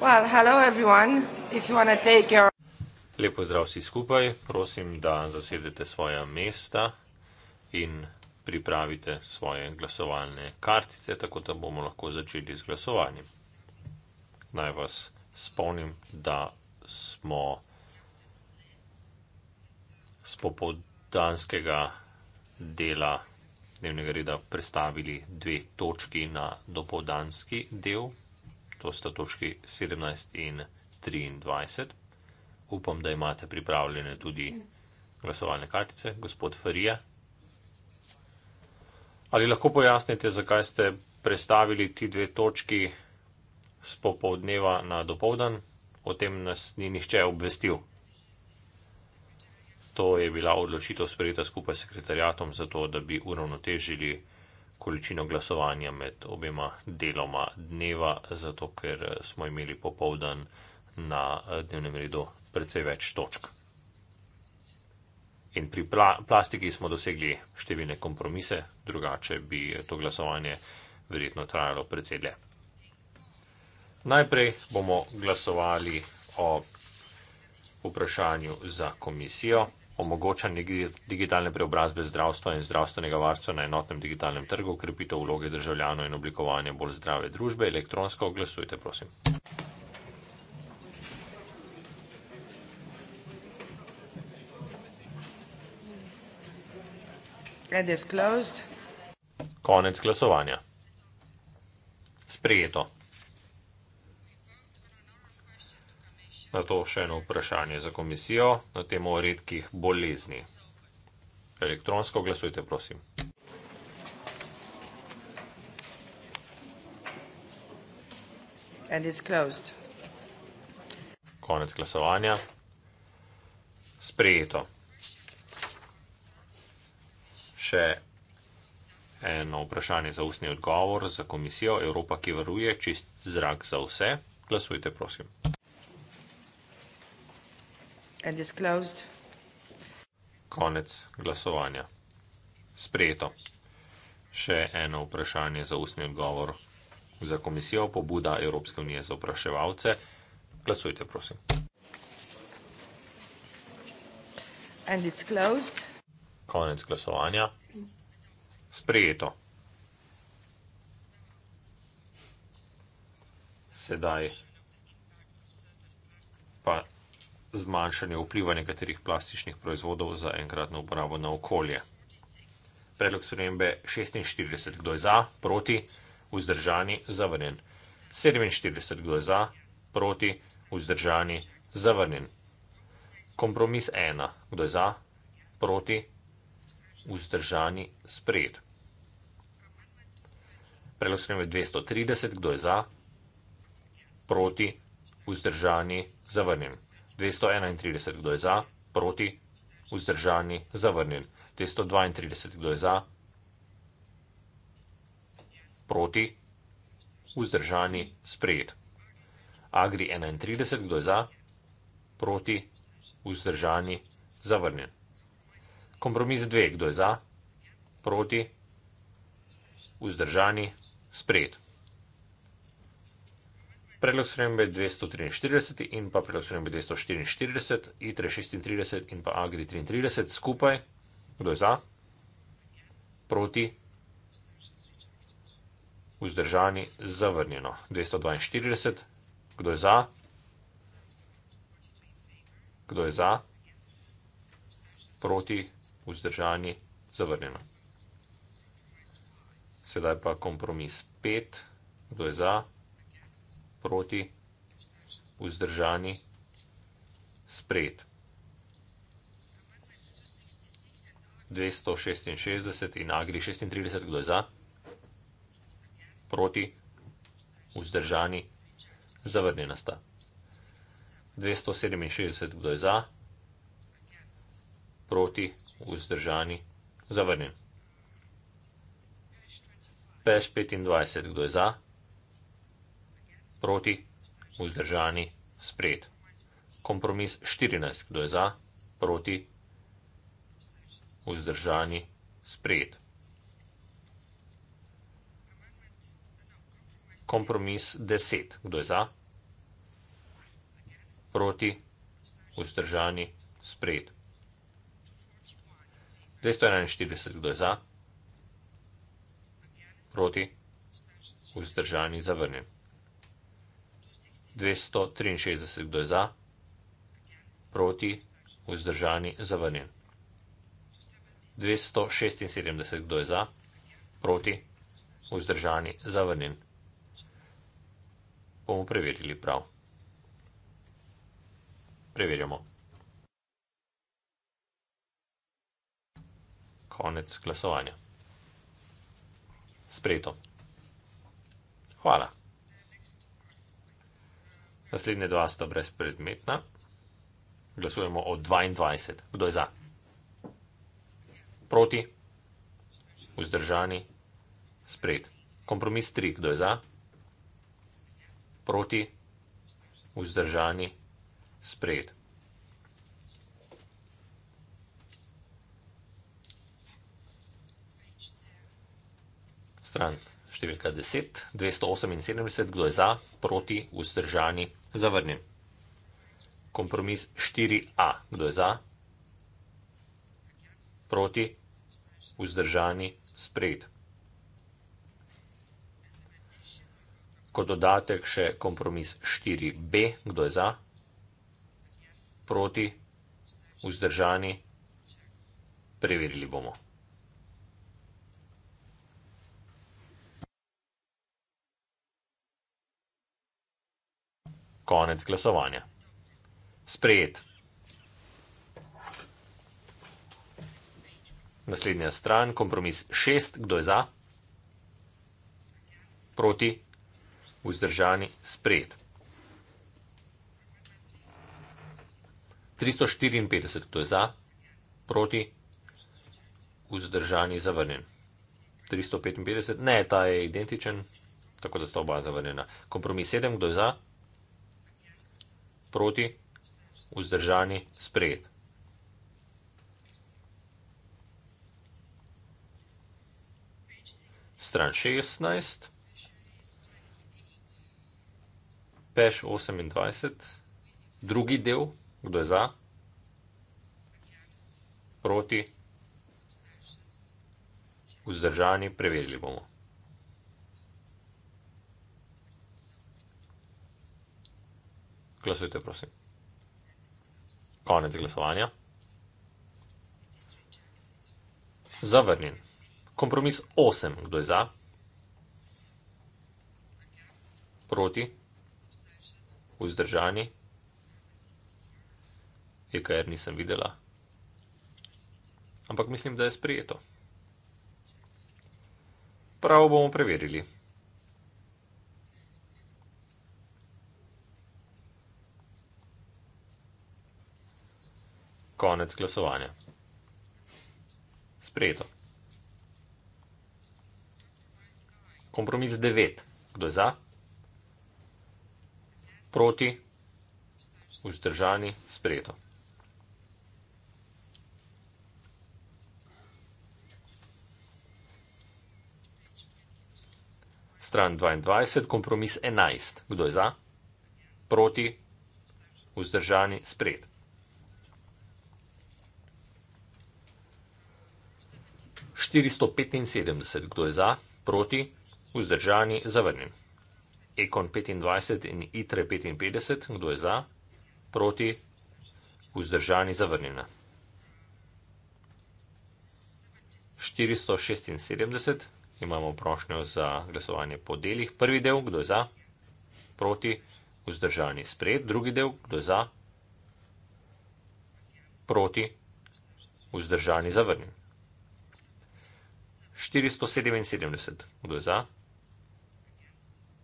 Well, hello everyone. If you want to take your. Lepo zdrav vsi skupaj, prosim, da zasedete svoja mesta in pripravite svoje glasovalne kartice, tako da bomo lahko začeli z glasovanjem. Naj vas spomnim, da smo s popodanskega dela dnevnega reda prestavili dve točki na dopodanski del to sta točki 17 in 23. Upam, da imate pripravljene tudi glasovalne kartice, gospod Farija. Ali lahko pojasnite, zakaj ste prestavili ti dve točki s popovdneva na dopovdan? O tem nas ni nihče obvestil. To je bila odločitev sprejeta skupaj s sekretarjatom, zato da bi uravnotežili količino glasovanja med objema deloma dneva, zato ker eh, smo imeli popovdan na eh, dnevnem redu precej več točk. In pri pla plastiki smo dosegli številne kompromise, drugače bi to glasovanje verjetno trajalo precej dlje. Najprej bomo glasovali o vprašanju za komisijo omogočanje digitalne preobrazbe zdravstva in zdravstvenega varstva na enotnem digitalnem trgu, krepitev vloge državljanov in oblikovanje bolj zdrave družbe. Elektronsko glasujte, prosim. Konec glasovanja. Sprejeto. Na to še eno vprašanje za komisijo na temo redkih bolezni. Elektronsko glasujte, prosim. Konec glasovanja. Sprejeto. Še eno vprašanje za ustni odgovor za komisijo Evropa, ki varuje čist zrak za vse. Glasujte, prosim and is closed. Konec glasovanja. Sprejeto. Še eno vprašanje za ustni odgovor za komisijo pobuda Evropske unije za vpraševalce. Glasujte, prosim. And it's closed. Konec glasovanja. Sprejeto. Sedaj zmanjšanje vpliva nekaterih plastičnih proizvodov za enkratno uporabo na okolje. Predlog spremembe 46, kdo je za, proti, vzdržani, zavrnjen. 47, kdo je za, proti, vzdržani, zavrnjen. Kompromis 1, kdo je za, proti, vzdržani, sprejet. Predlog spremembe 230, kdo je za, proti, vzdržani, zavrnjen. 231, kdo je za, proti, vzdržani, zavrnjen. 232, kdo je za, proti, vzdržani, sprejet. Agri 31, kdo je za, proti, vzdržani, zavrnjen. Kompromis 2, kdo je za, proti, vzdržani, sprejet predlog spremembe 243 in pa predlog spremembe 244, ITRE 36 in pa AGRI 33 skupaj. Kdo je za? Proti? Vzdržani? Zavrnjeno. 242. Kdo je za? Kdo je za? Proti? Vzdržani? Zavrnjeno. Sedaj pa kompromis 5. Kdo je za? proti, vzdržani, spred. 266 in Agri 36, kdo je za? Proti, vzdržani, zavrnjena sta. 267, kdo je za? Proti, vzdržani, zavrnjen. Peš 25, kdo je za? Proti, vzdržani, zavrnjen proti, vzdržani, spred. Kompromis 14, kdo je za, proti, vzdržani, spred. Kompromis 10, kdo je za, proti, vzdržani, spred. 241, kdo je za, proti, vzdržani, zavrnjen. 263, kdo je za, proti, vzdržani, zavrnjen. 276, kdo je za, proti, vzdržani, zavrnjen. Bomo preverili prav. Preverjamo. Konec glasovanja. Sprejeto. Hvala. Naslednje dva sta brezpredmetna. Glasujemo o 22. Kdo je za? Proti? Vzdržani? Spred. Kompromis 3. Kdo je za? Proti? Vzdržani? Spred. Stran številka 10, 278, kdo je za, proti, vzdržani, Zavrnjen. Kompromis 4a. Kdo je za? Proti? Vzdržani? Sprejet. Kot dodatek še kompromis 4b. Kdo je za? Proti? Vzdržani? Preverili bomo. Konec glasovanja. Sprejet. Naslednja stran, kompromis 6, kdo je za? Proti, vzdržani, sprejet. 354, kdo je za? Proti, vzdržani, zavrnjen. 355, ne, ta je identičen, tako da sta oba zavrnjena. Kompromis 7, kdo je za? Proti proti, vzdržani, sprejet. Stran 16, peš 28, drugi del, kdo je za, proti, vzdržani, preverili bomo. Glasujte, prosim. Konec glasovanja. Zavrnjen. Kompromis 8. Kdo je za? Proti? Vzdržani? EKR nisem videla. Ampak mislim, da je sprijeto. Pravo bomo preverili. Konec glasovanja. Sprejeto. Kompromis 9. Kdo je za? Proti? Vzdržani? Sprejeto. Stran 22. Kompromis 11. Kdo je za? Proti? Vzdržani? Sprejeto. 475, kdo je za, proti, vzdržani, zavrnjen. Ekon 25 in ITRE 55, kdo je za, proti, vzdržani, zavrnjena. 476, imamo prošnjo za glasovanje po delih. Prvi del, kdo je za, proti, vzdržani, spred. Drugi del, kdo je za, proti, vzdržani, zavrnjen. 477. Kdo je za?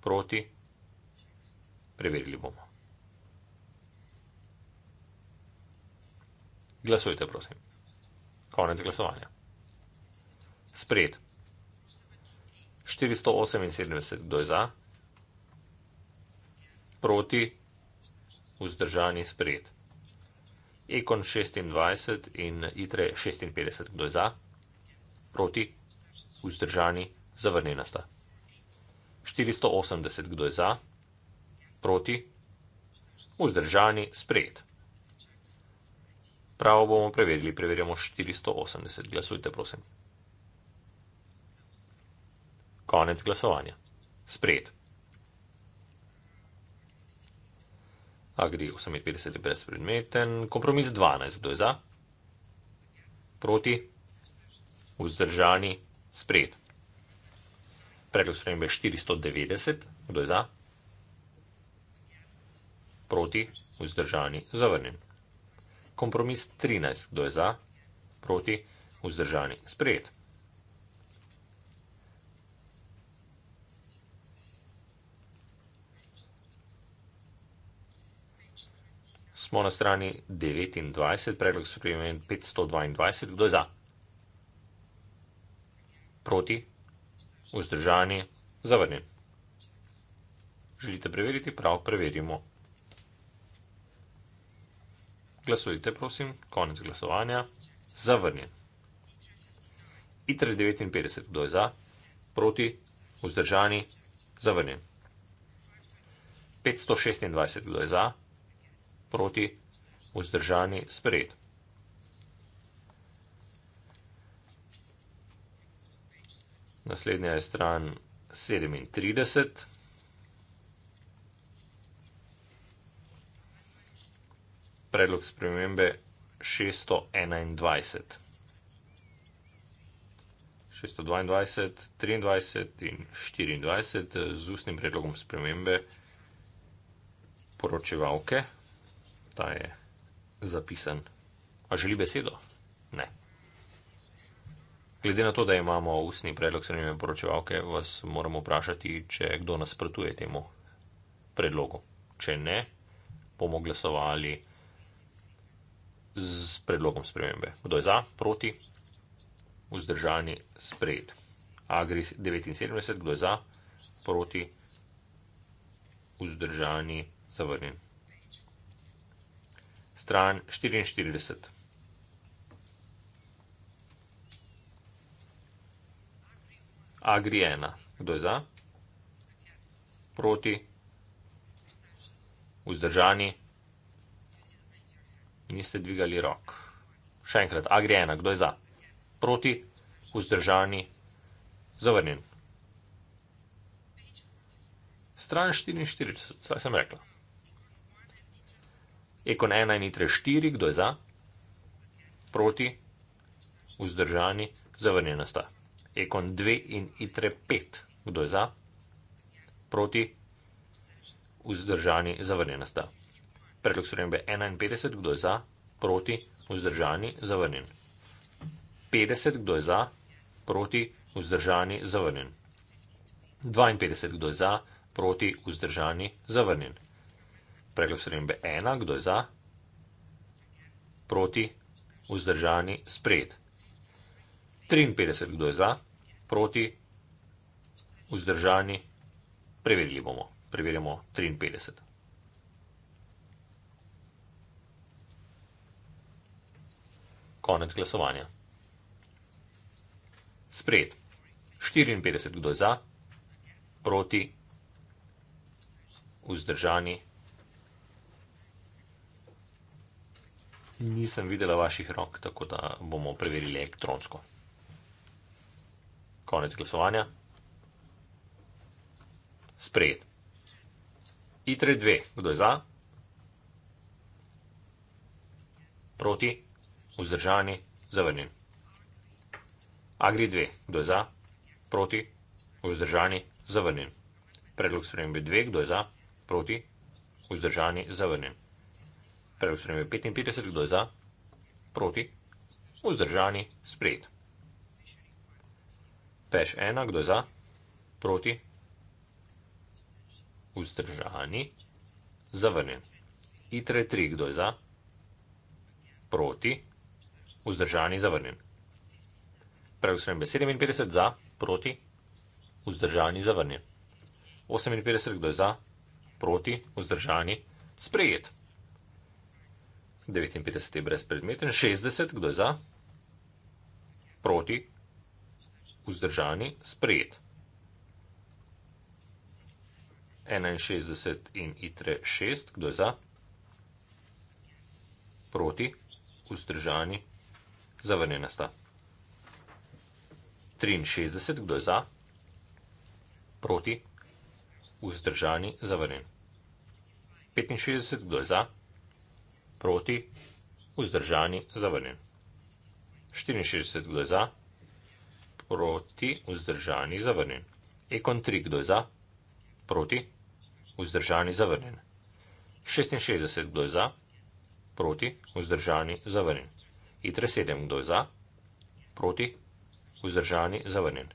Proti? Preverili bomo. Glasujte, prosim. Konec glasovanja. Spred. 478. Kdo je za? Proti? Vzdržani spred. Ekon 26 in ITRE 56. Kdo je za? Proti? vzdržani, zavrnjena sta. 480 kdo je za, proti, vzdržani, sprejet. Pravo bomo preverili, preverjamo 480. Glasujte, prosim. Konec glasovanja. Sprejet. Agri 58 je brezpredmeten. Kompromis 12. Kdo je za? Proti? Vzdržani, sprejet. Predlog sprejem je 490, kdo je za? Proti, vzdržani, zavrnjen. Kompromis 13, kdo je za? Proti, vzdržani, sprejet. Smo na strani 29, predlog sprejem je 522, kdo je za? proti, vzdržani, zavrnjen. Želite preveriti prav, preverimo. Glasujte, prosim, konec glasovanja, zavrnjen. ITR 59, kdo je za, proti, vzdržani, zavrnjen. 526, kdo je za, proti, vzdržani, sprejeto. Naslednja je stran 37. Predlog spremembe 621. 622, 23 in 24 eh, z ustnim predlogom spremembe poročevalke. Ta je zapisan. A želi besedo? Glede na to, da imamo ustni predlog srednje poročevalke, vas moramo vprašati, če kdo nasprotuje temu predlogu. Če ne, bomo glasovali z predlogom spremembe. Kdo je za, proti, vzdržani, sprejet. Agris 79, kdo je za, proti, vzdržani, zavrnjen. Stran 44. Agri 1. Kdo je za? Proti? Vzdržani? Niste dvigali rok. Še enkrat, Agri 1. Kdo je za? Proti? Vzdržani? Zavrnjen. Stran 44, saj sem rekla. Ekon 1 in itre 4, kdo je za? Proti, vzdržani, zavrnjena sta. Ekon 2 in ITRE 5. Kdo je za? Proti? Vzdržani, zavrnjena sta. Predlog spremembe 51. Kdo je za? Proti? Vzdržani, zavrnjen. 50. Kdo je za? Proti? Vzdržani, zavrnjen. 52. Kdo je za? Proti? Vzdržani, zavrnjen. Predlog spremembe 1. Kdo je za? Proti? Vzdržani, sprejet. 53. Kdo je za? Proti? proti, vzdržani, preverili bomo. Preverjamo 53. Konec glasovanja. Spred. 54, kdo je za, proti, vzdržani. Nisem videla vaših rok, tako da bomo preverili elektronsko. Konec glasovanja. Sprejet. ITRE 2. Kdo je za? Proti? Vzdržani? Zavrnjen. AGRI 2. Kdo je za? Proti? Vzdržani? Zavrnjen. Predlog spremembe 2. Kdo je za? Proti? Vzdržani? Zavrnjen. Predlog spremembe 55. Kdo je za? Proti? Vzdržani? Sprejet peš ena, kdo za, proti, vzdržani, zavrnjen. Itre tri, kdo za, proti, vzdržani, zavrnjen. Prav sem imel 57 za, proti, vzdržani, zavrnjen. 58, kdo je za, proti, vzdržani, sprejet. 59 je brezpredmeten, 60, kdo je za, proti, vzdržani vzdržani, sprejet. 61 in itre 6, kdo je za? Proti, vzdržani, zavrnjena sta. 63, kdo je za? Proti, vzdržani, zavrnjen. 65, kdo je za? Proti, vzdržani, zavrnjen. 64, kdo je za? Proti, vzdržani, zavrnjen proti, vzdržani, zavrnjen. Ekon 3, kdo je za? Proti, vzdržani, zavrnjen. 66, kdo je za? Proti, vzdržani, zavrnjen. Itre 7, kdo je za? Proti, vzdržani, zavrnjen.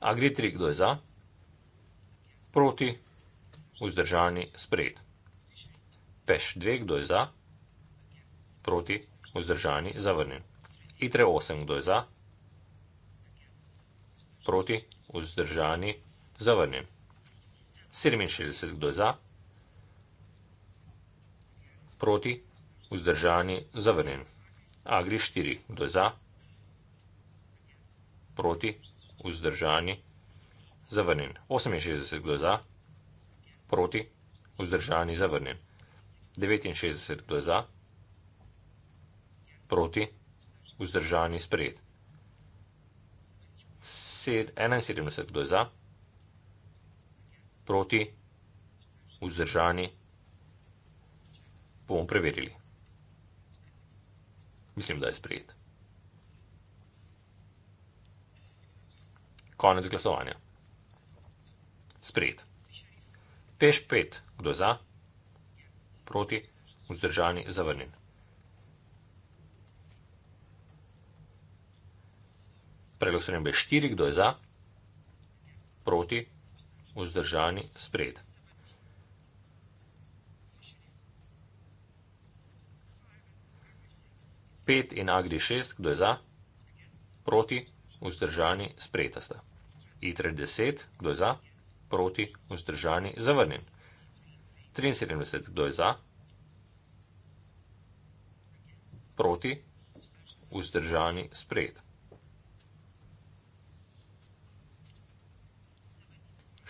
Agri 3, kdo je za? Proti, vzdržani, sprejet. Peš 2, kdo je za? Proti, vzdržani, zavrnjen. Itre 8, kdo je za? Proti, vzdržani, zavrnjen proti, vzdržani, zavrnjen. 67, kdo je za, proti, vzdržani, zavrnjen. Agri 4, kdo je za, proti, vzdržani, zavrnjen. 68, kdo je za, proti, vzdržani, zavrnjen. 69, kdo je za, proti, vzdržani, sprejet. 71 kdo je za, proti, vzdržani, bomo preverili. Mislim, da je sprejet. Konec glasovanja. Sprejet. Peš 5, kdo je za, proti, vzdržani, zavrnjen. Preglasujem je štiri, kdo je za, proti, vzdržani, spred. Pet in agri šest, kdo je za, proti, vzdržani, spretasta. Itre deset, kdo je za, proti, vzdržani, zavrnjen. 73, kdo je za, proti, vzdržani, spretasta.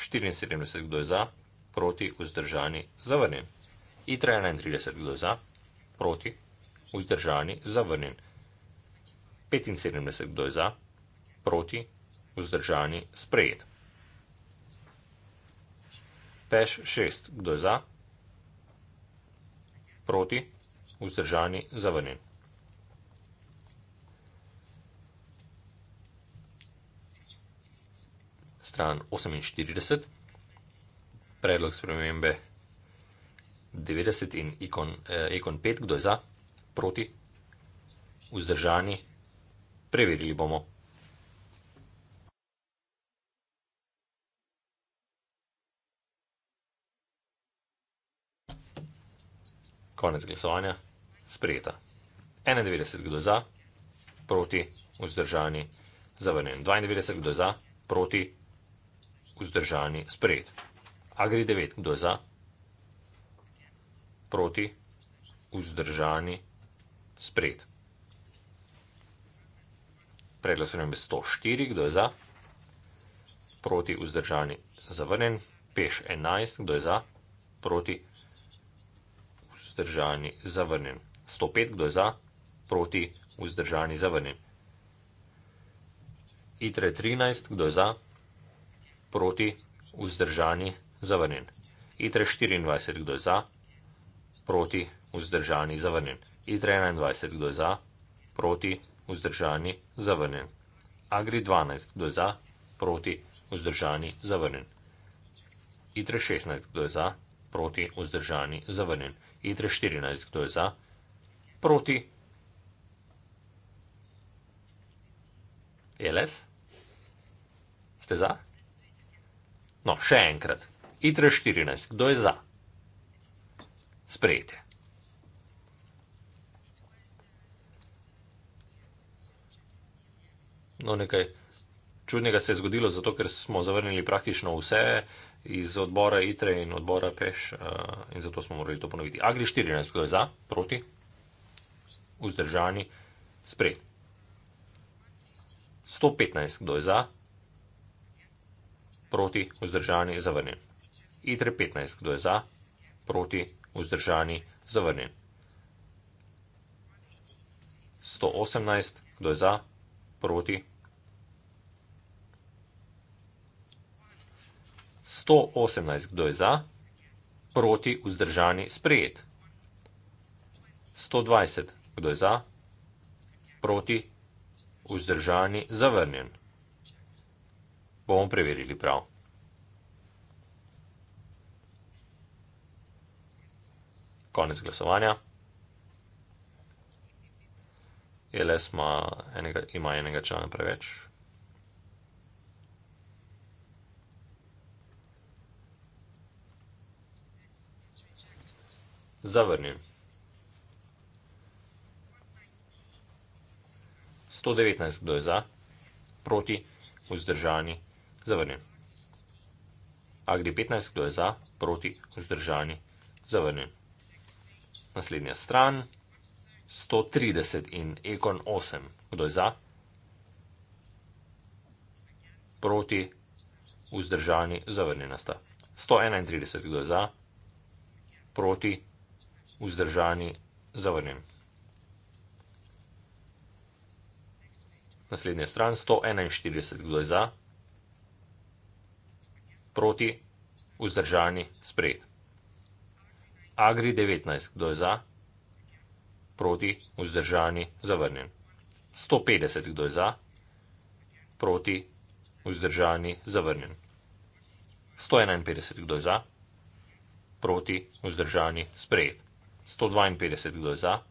74 kdo je za, proti, vzdržani, zavrnjen. ITRA 31 kdo je za, proti, vzdržani, zavrnjen. 75 kdo je za, proti, vzdržani, sprejet. PEŠ 6 kdo je za, proti, vzdržani, zavrnjen. stran 48, predlog spremembe 90 in ikon, eh, ikon 5, kdo je za, proti, vzdržani, preverili bomo. Konec glasovanja, sprejeta. 91, kdo je za, proti, vzdržani, zavrnjen. 92, kdo je za, proti, vzdržani vzdržani, sprejet. Agri 9, kdo je za? Proti, vzdržani, sprejet. Predlog se nam je 104, kdo je za? Proti, vzdržani, zavrnen. Peš 11, kdo je za? Proti, vzdržani, zavrnen. 105, kdo je za? Proti, vzdržani, zavrnen. Itre 13, kdo je za? Proti, vzdržani, zavrnen proti, vzdržani, zavrnjen. ITRE 24, kdo je za, proti, vzdržani, zavrnjen. ITRE 21, kdo je za, proti, vzdržani, zavrnjen. AGRI 12, kdo je za, proti, vzdržani, zavrnjen. ITRE 16, kdo je za, proti, vzdržani, zavrnjen. ITRE 14, kdo je za, proti. ELES? Ste za? No, še enkrat. ITRE 14. Kdo je za? Sprejete. No, nekaj čudnega se je zgodilo, zato ker smo zavrnili praktično vse iz odbora ITRE in odbora PEŠ eh, in zato smo morali to ponoviti. AGRI 14. Kdo je za? Proti? Vzdržani? Sprejete. 115. Kdo je za? Sprejete proti, vzdržani, zavrnjen. ITRE 15, kdo je za, proti, vzdržani, zavrnjen. 118, kdo je za, proti. 118, kdo je za, proti, vzdržani, sprejet. 120, kdo je za, proti, vzdržani, zavrnjen bomo preverili prav. Konec glasovanja. LS ima enega, ima enega člana preveč. Zavrnjen. 119 kdo je za, proti, vzdržani 0. Zavrnjen. Agri 15, kdo je za, proti, vzdržani, zavrnjen. Naslednja stran, 130 in Econ 8, kdo je za, proti, vzdržani, zavrnjena sta. 131, kdo je za, proti, vzdržani, zavrnjen. Naslednja stran, 141, kdo je za, proti, vzdržani, zavrnjen proti, vzdržani, spred. Agri 19, kdo je za, proti, vzdržani, zavrnjen. 150, kdo je za, proti, vzdržani, zavrnjen. 151, kdo je za, proti, vzdržani, spred. 152, kdo je za,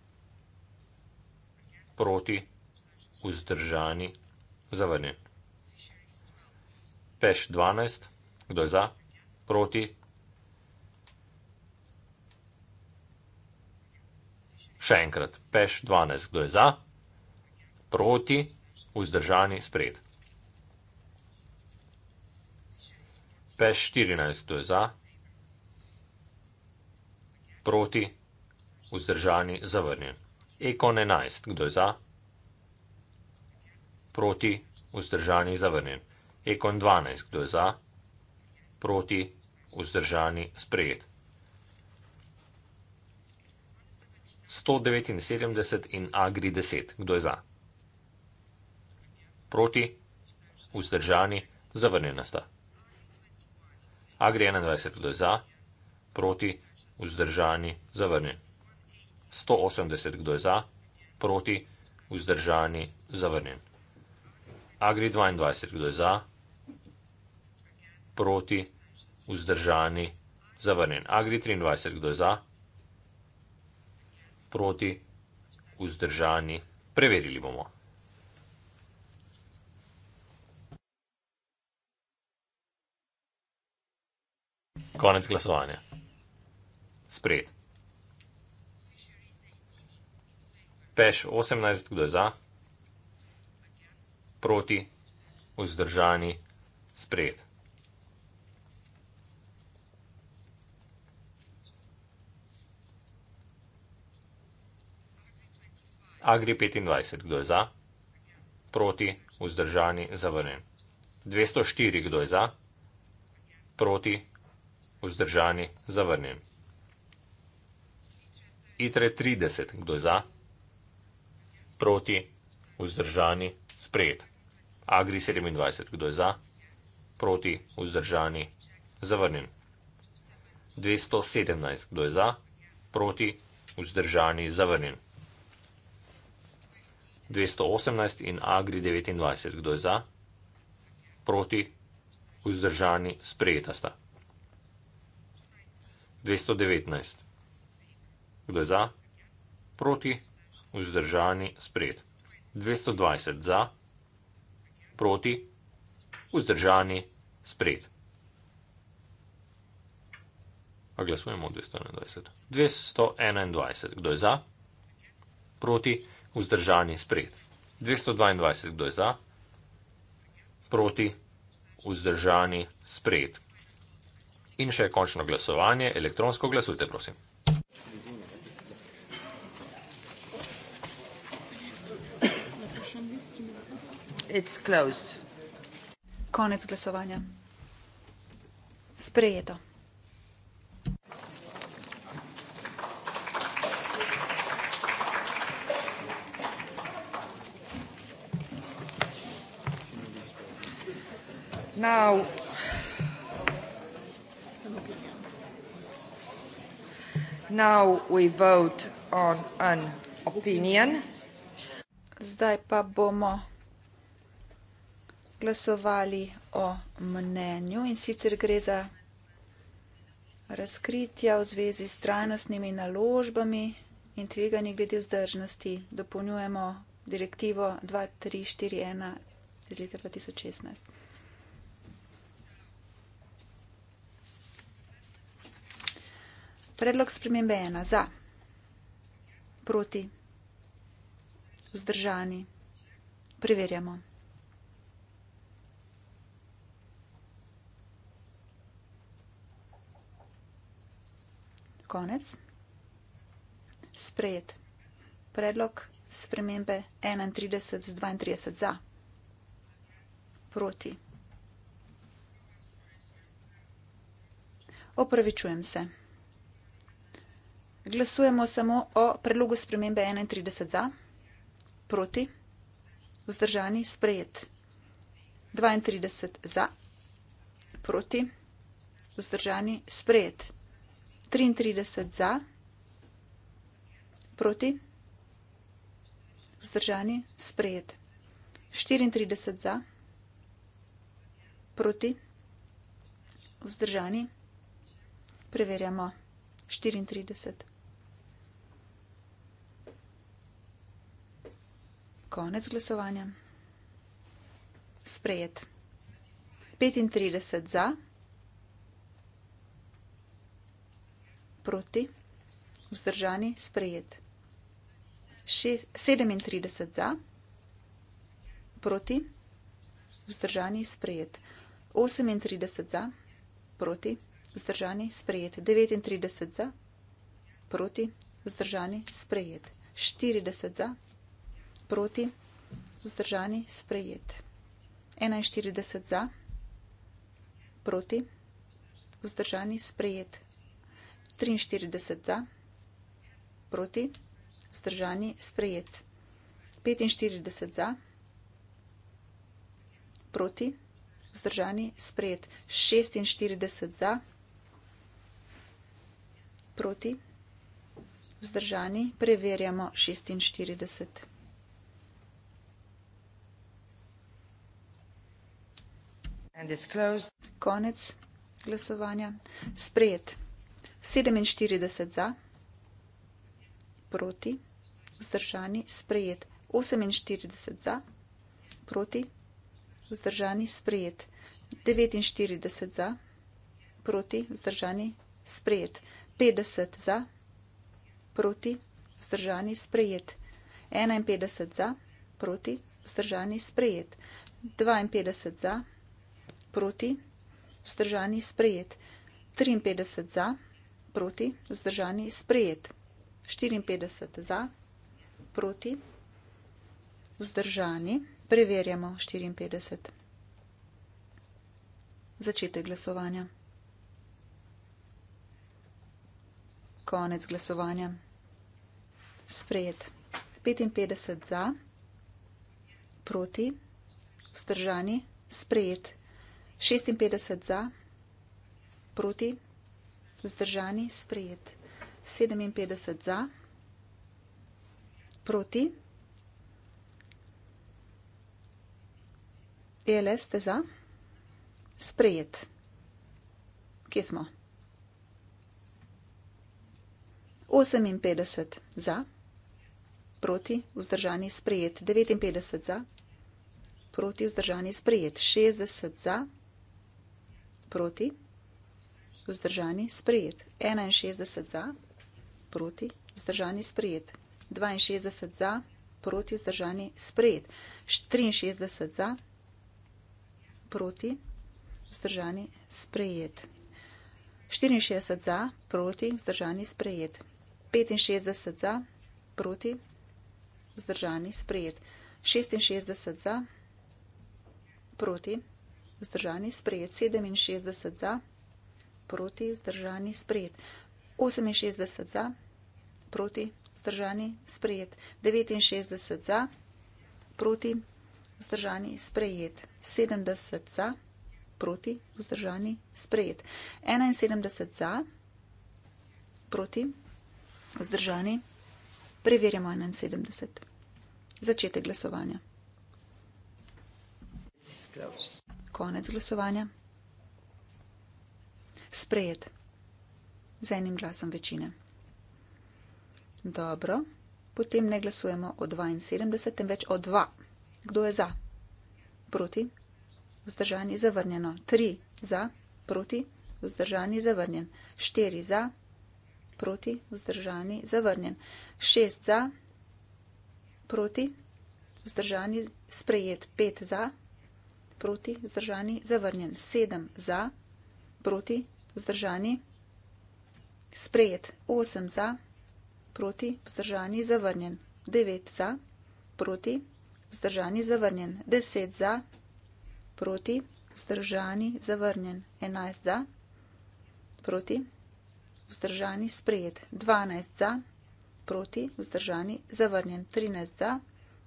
proti, vzdržani, zavrnjen. Peš 12, Kdo je za? Proti? Še enkrat. Peš 12. Kdo je za? Proti? Vzdržani spred. Peš 14. Kdo je za? Proti? Vzdržani zavrnjen. Ekon 11. Kdo je za? Proti? Vzdržani zavrnjen. Ekon 12. Kdo je za? Proti? proti vzdržani sprejet. 179 in agri 10. Kdo je za? Proti, vzdržani, zavrnjena sta. Agri 21. Kdo je za? Proti, vzdržani, zavrnjen. 180. Kdo je za? Proti, vzdržani, zavrnjen. Agri 22. Kdo je za? Proti, proti, vzdržani, zavrnjen. Agri 23, kdo za? Proti, vzdržani, preverili bomo. Konec glasovanja. Sprejet. Peš 18, kdo je za? Proti, vzdržani, sprejet. Agri 25, kdo je za? Proti, vzdržani, zavrnjen. 204, kdo je za? Proti, vzdržani, zavrnjen. ITRE 30, kdo je za? Proti, vzdržani, sprejet. Agri 27, kdo je za? Proti, vzdržani, zavrnjen. 217, kdo je za? Proti, vzdržani, zavrnjen. 218 in Agri 29. Kdo je za? Proti, vzdržani, sprejeta sta. 219. Kdo je za? Proti, vzdržani, sprejet. 220 za, proti, vzdržani, sprejet. A glasujemo 221. 221. Kdo je za? Proti vzdržani sprejet. 222, kdo je za, proti, vzdržani sprejet. In še končno glasovanje, elektronsko glasujte, prosim. It's closed. Konec glasovanja. Sprejeto. now now we vote on an opinion zdaj pa bomo glasovali o mnenju in sicer gre za razkritja v zvezi s trajnostnimi naložbami in tveganji glede vzdržnosti. Dopolnjujemo direktivo 2341 iz leta 2016. Predlog spremembe je ena za, proti, vzdržani. Preverjamo. Konec. Sprejet. Predlog spremembe 31 z 32 za. Proti. Opravičujem se. Glasujemo samo o predlogu spremembe 31 za, proti, vzdržani, sprejet. 32 za, proti, vzdržani, sprejet. 33 za, proti, vzdržani, sprejet. 34 za, proti, vzdržani, preverjamo. 34 Konec glasovanja. Sprejet. 35 za, proti, vzdržani, sprejet. 37 za, proti, vzdržani, sprejet. 38 za, proti, vzdržani, sprejet. 39 za, proti, vzdržani, sprejet. 40 za, proti proti, vzdržani, sprejet. 41 za, proti, vzdržani, sprejet. 43 za, proti, vzdržani, sprejet. 45 za, proti, vzdržani, sprejet. 46 za, proti, vzdržani, preverjamo 46. Konec glasovanja. Sprejet. 47 za, proti, vzdržani, sprejet. 48 za, proti, vzdržani, sprejet. 49 za, proti, vzdržani, sprejet. 50 za, proti, vzdržani, sprejet. 51 za, proti, vzdržani, sprejet. 52 za, proti, vzdržani, sprejet proti, vzdržani, sprejet. 53 za, proti, vzdržani, sprejet. 54 za, proti, vzdržani, preverjamo 54. Začetek glasovanja. Konec glasovanja. Sprejet. 55 za, proti, vzdržani, sprejet. 56 za, proti, vzdržani, sprejet. 57 za, proti, ELS ste za, sprejet. Kje smo? 58 za, proti, vzdržani, sprejet. 59 za, proti, vzdržani, sprejet. 60 za, sprejet proti, vzdržani, sprijet. 61 za, proti, vzdržani, sprijet. 62 za, proti, vzdržani, sprijet. 63 za, proti, vzdržani, sprijet. 64 za, proti, vzdržani, sprijet. 65 za, proti, vzdržani, sprijet. 66 za, proti, vzdržani, sprijet vzdržani, sprejet 67 za, proti vzdržani, sprejet 68 za, proti vzdržani, sprejet 69 za, proti vzdržani, sprejet 70 za, proti vzdržani, sprejet 71 za, proti vzdržani, preverjamo 71. Začetek glasovanja. It's close. Konec glasovanja. Sprejet. Z enim glasom večine. Dobro. Potem ne glasujemo o 72, temveč o 2. Kdo je za? Proti. Vzdržani zavrnjeno. 3 za. Proti. Vzdržani zavrnjen. 4 za. Proti. Vzdržani zavrnjen. 6 za. Proti. Vzdržani sprejet. 5 za proti, vzdržani, zavrnjen, sedem za, proti, vzdržani, sprejet, osem za, proti, vzdržani, zavrnjen, devet za, proti, vzdržani, zavrnjen, deset za, proti, vzdržani, zavrnjen, enajst za, proti, vzdržani, sprejet, dvanajst za, proti, vzdržani, zavrnjen, trinajst za,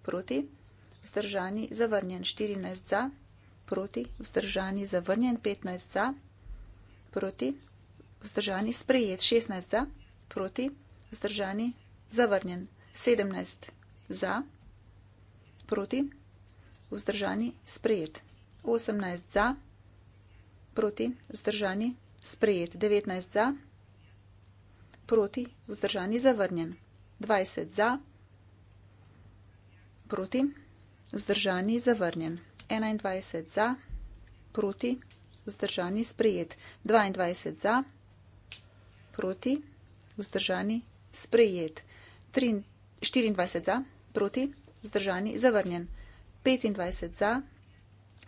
proti, Vzdržani, zavrnjen 14 za proti, vzdržani, zavrnjen, 15 za, proti, vzdržani, sprejet, 16 za, proti, vzdržani, zavrnjen, 17 za, proti, vzdržani, sprejet, 18 za, proti, vzdržani, sprejet, 19 za, proti, vzdržani, zavrnjen, 20 za, proti, vzdržani, zavrnjen. 21 za, proti, vzdržani, sprejet. 22 za, proti, vzdržani, sprejet. 24 za, proti, vzdržani, zavrnjen. 25 za,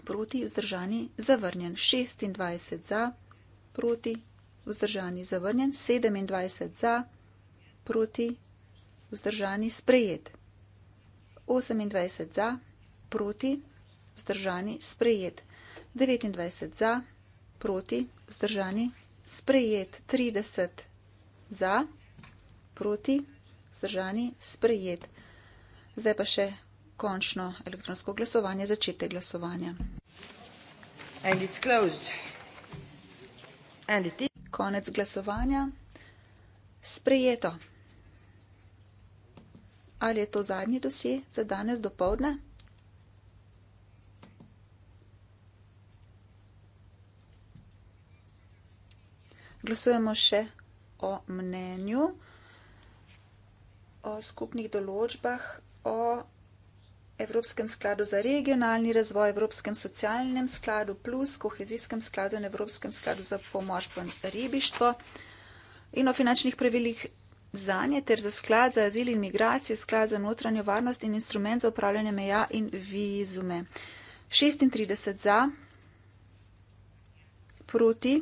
proti, vzdržani, zavrnjen. 26 za, proti, vzdržani, zavrnjen. 27 za, proti, vzdržani, sprejet. 28 za, proti, vzdržani, sprejet vzdržani, sprejet. 29 za, proti, vzdržani, sprejet. 30 za, proti, vzdržani, sprejet. Zdaj pa še končno elektronsko glasovanje, začete glasovanja. And it's closed. And it Konec glasovanja, sprejeto. Ali je to zadnji dosje za danes do povdne? Glasujemo še o mnenju, o skupnih določbah, o Evropskem skladu za regionalni razvoj, Evropskem socialnem skladu plus, kohezijskem skladu in Evropskem skladu za pomorstvo in ribištvo in o finančnih pravilih za nje ter za sklad za azil in migracije, sklad za notranjo varnost in instrument za upravljanje meja in vizume. 36 za, proti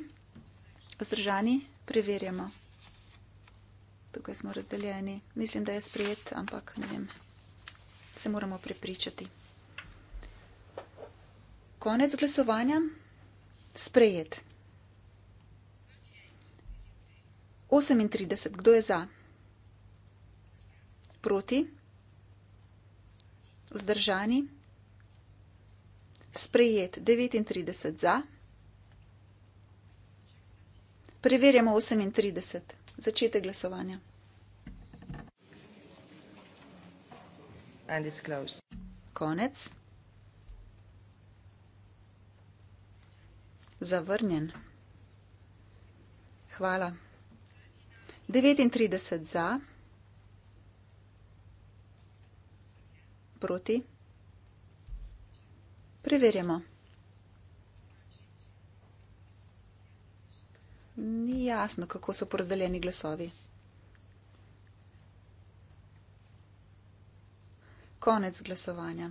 Vzdržani, preverjamo. Tukaj smo razdeljeni. Mislim, da je sprejet, ampak ne vem. Se moramo prepričati. Konec glasovanja. Sprejet. 38. Kdo je za? Proti? Vzdržani? Sprejet. 39. Za? Preverjamo 38, začete glasovanje. Konec. Zavrnjen. Hvala. 39 za, proti. Preverjamo. Ni jasno, kako so porazdeljeni glasovi. Konec glasovanja.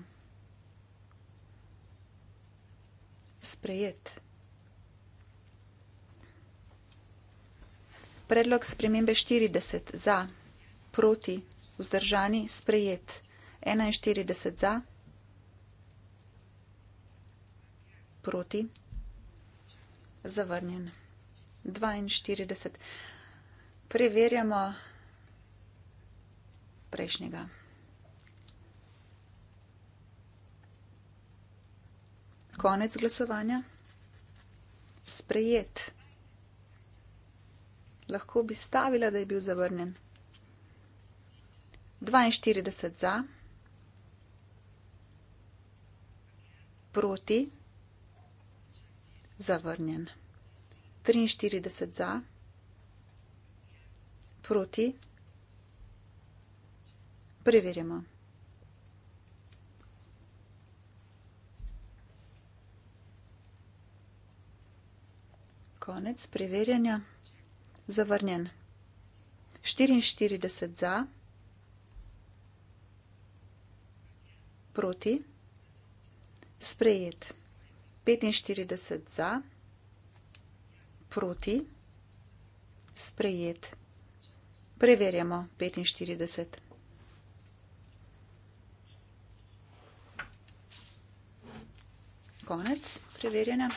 Sprejet. Predlog spremembe 40 za, proti, vzdržani, sprejet. 41 za, proti, zavrnjen. 42. Preverjamo prejšnjega. Konec glasovanja. Sprejet. Lahko bi stavila, da je bil zavrnjen. 42 za, proti, zavrnjen. 43 za, proti, preverjamo. Konec preverjanja, zavrnjen. 44 za, proti, sprejet. 45 za, proti, proti, sprejet. Preverjamo 45. Konec preverjanja.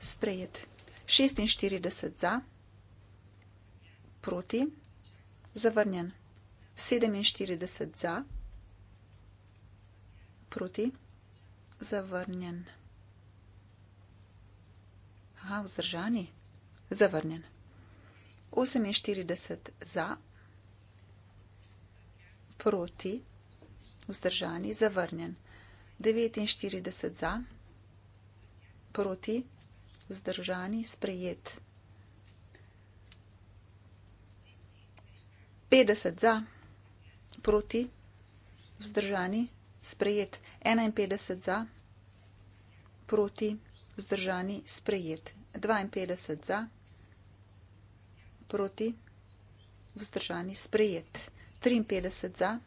Sprejet. 46 za, proti, zavrnjen. 47 za, proti, zavrnjen. Aha, vzdržani. Zavrnjen. 48 za, proti, vzdržani, zavrnjen. 49 za, proti, vzdržani, sprejet. 50 za, proti, vzdržani, sprejet. 51 za, proti, vzdržani, sprejet. 52 za, proti, vzdržani, sprejet. 53 za,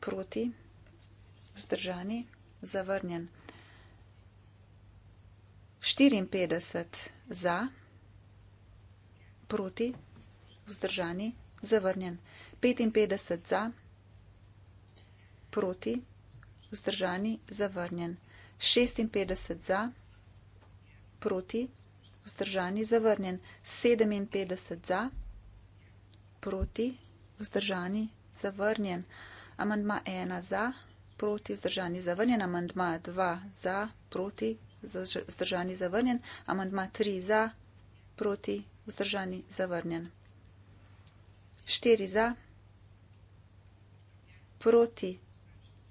proti, vzdržani, zavrnjen. 54 za, proti, vzdržani, zavrnjen. 55 za, proti, vzdržani, zavrnjen. 56 za, proti, vzdržani, zavrnjen. 56 za, proti, vzdržani, zavrnjen. 57 za, proti, vzdržani, zavrnjen. Amandma 1 za, proti, vzdržani, zavrnjen. Amandma 2 za, proti, vzdržani, zavrnjen. Amandma 3 za, proti, vzdržani, zavrnjen. 4 za, proti,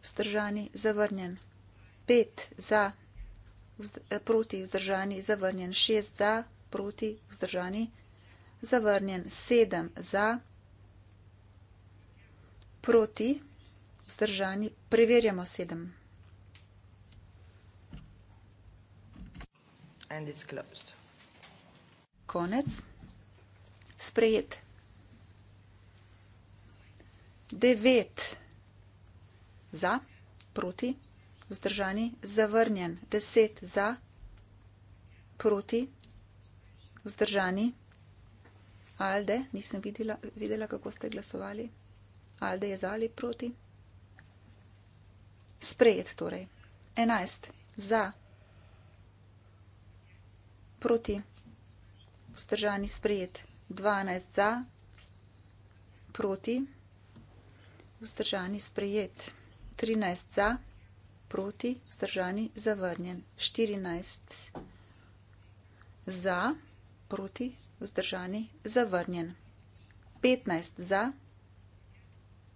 vzdržani, zavrnjen. 5 za, proti, vzdržani, zavrnjen proti vzdržani, zavrnjen 6 za, proti vzdržani, zavrnjen 7 za, proti vzdržani, preverjamo 7. And it's closed. Konec. Sprejet. 9 za, proti vzdržani vzdržani, zavrnjen, deset za, proti, vzdržani, alde, nisem videla, videla kako ste glasovali, alde je za ali proti, sprejet torej, enajst za, proti, vzdržani, sprejet, dvanajst za, proti, vzdržani, sprejet, trinajst za, proti, proti, zdržani, zavrnjen. 14. Za, proti, vzdržani, zavrnjen. 15. Za,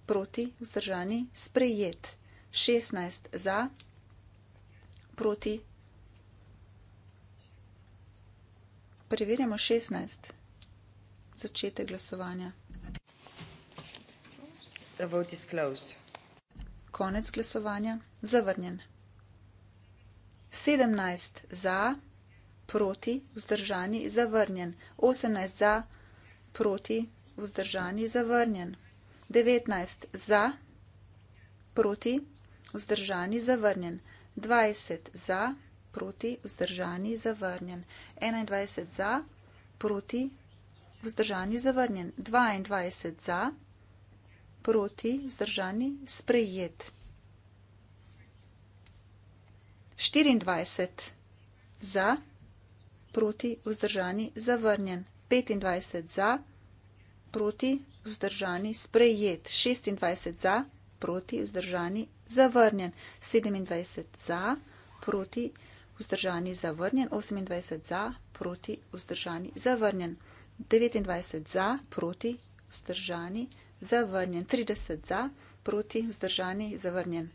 proti, vzdržani, sprejet. 16. Za, proti. Preverjamo 16. Začetek glasovanja. The vote is closed konec glasovanja, zavrnjen. 17 za, proti, vzdržani, zavrnjen. 18 za, proti, vzdržani, zavrnjen. 19 za, proti, vzdržani, zavrnjen. 20 za, proti, vzdržani, zavrnjen. 21 za, proti, vzdržani, zavrnjen. 22 za, proti, vzdržani, zavrnjen proti, zdržani, sprejet. 24 za, proti, vzdržani, zavrnjen. 25 za, proti, vzdržani, sprejet. 26 za, proti, vzdržani, zavrnjen. 27 za, proti, vzdržani, zavrnjen. 28 za, proti, vzdržani, zavrnjen. 29 za, proti, vzdržani, zavrnjen zavrnjen. 30 za, proti, vzdržani, zavrnjen.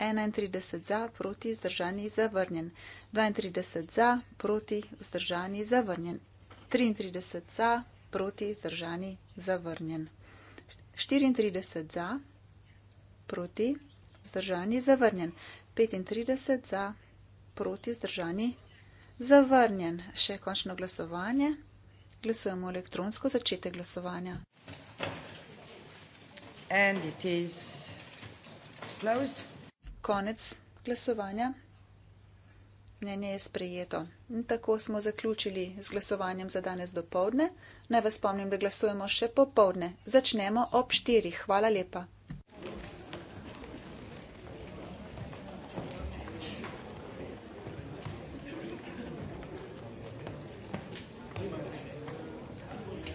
31 za, proti, vzdržani, zavrnjen. 32 za, proti, vzdržani, zavrnjen. 33 za, proti, vzdržani, zavrnjen. 34 za, proti, vzdržani, zavrnjen. 35 za, proti, vzdržani, zavrnjen. Še končno glasovanje. Glasujemo elektronsko začetek glasovanja. Thank you. And it is closed. Konec glasovanja. Mnenje je sprejeto. In tako smo zaključili z glasovanjem za danes do povdne. Naj vas spomnim, da glasujemo še popovdne. Začnemo ob štirih. Hvala lepa.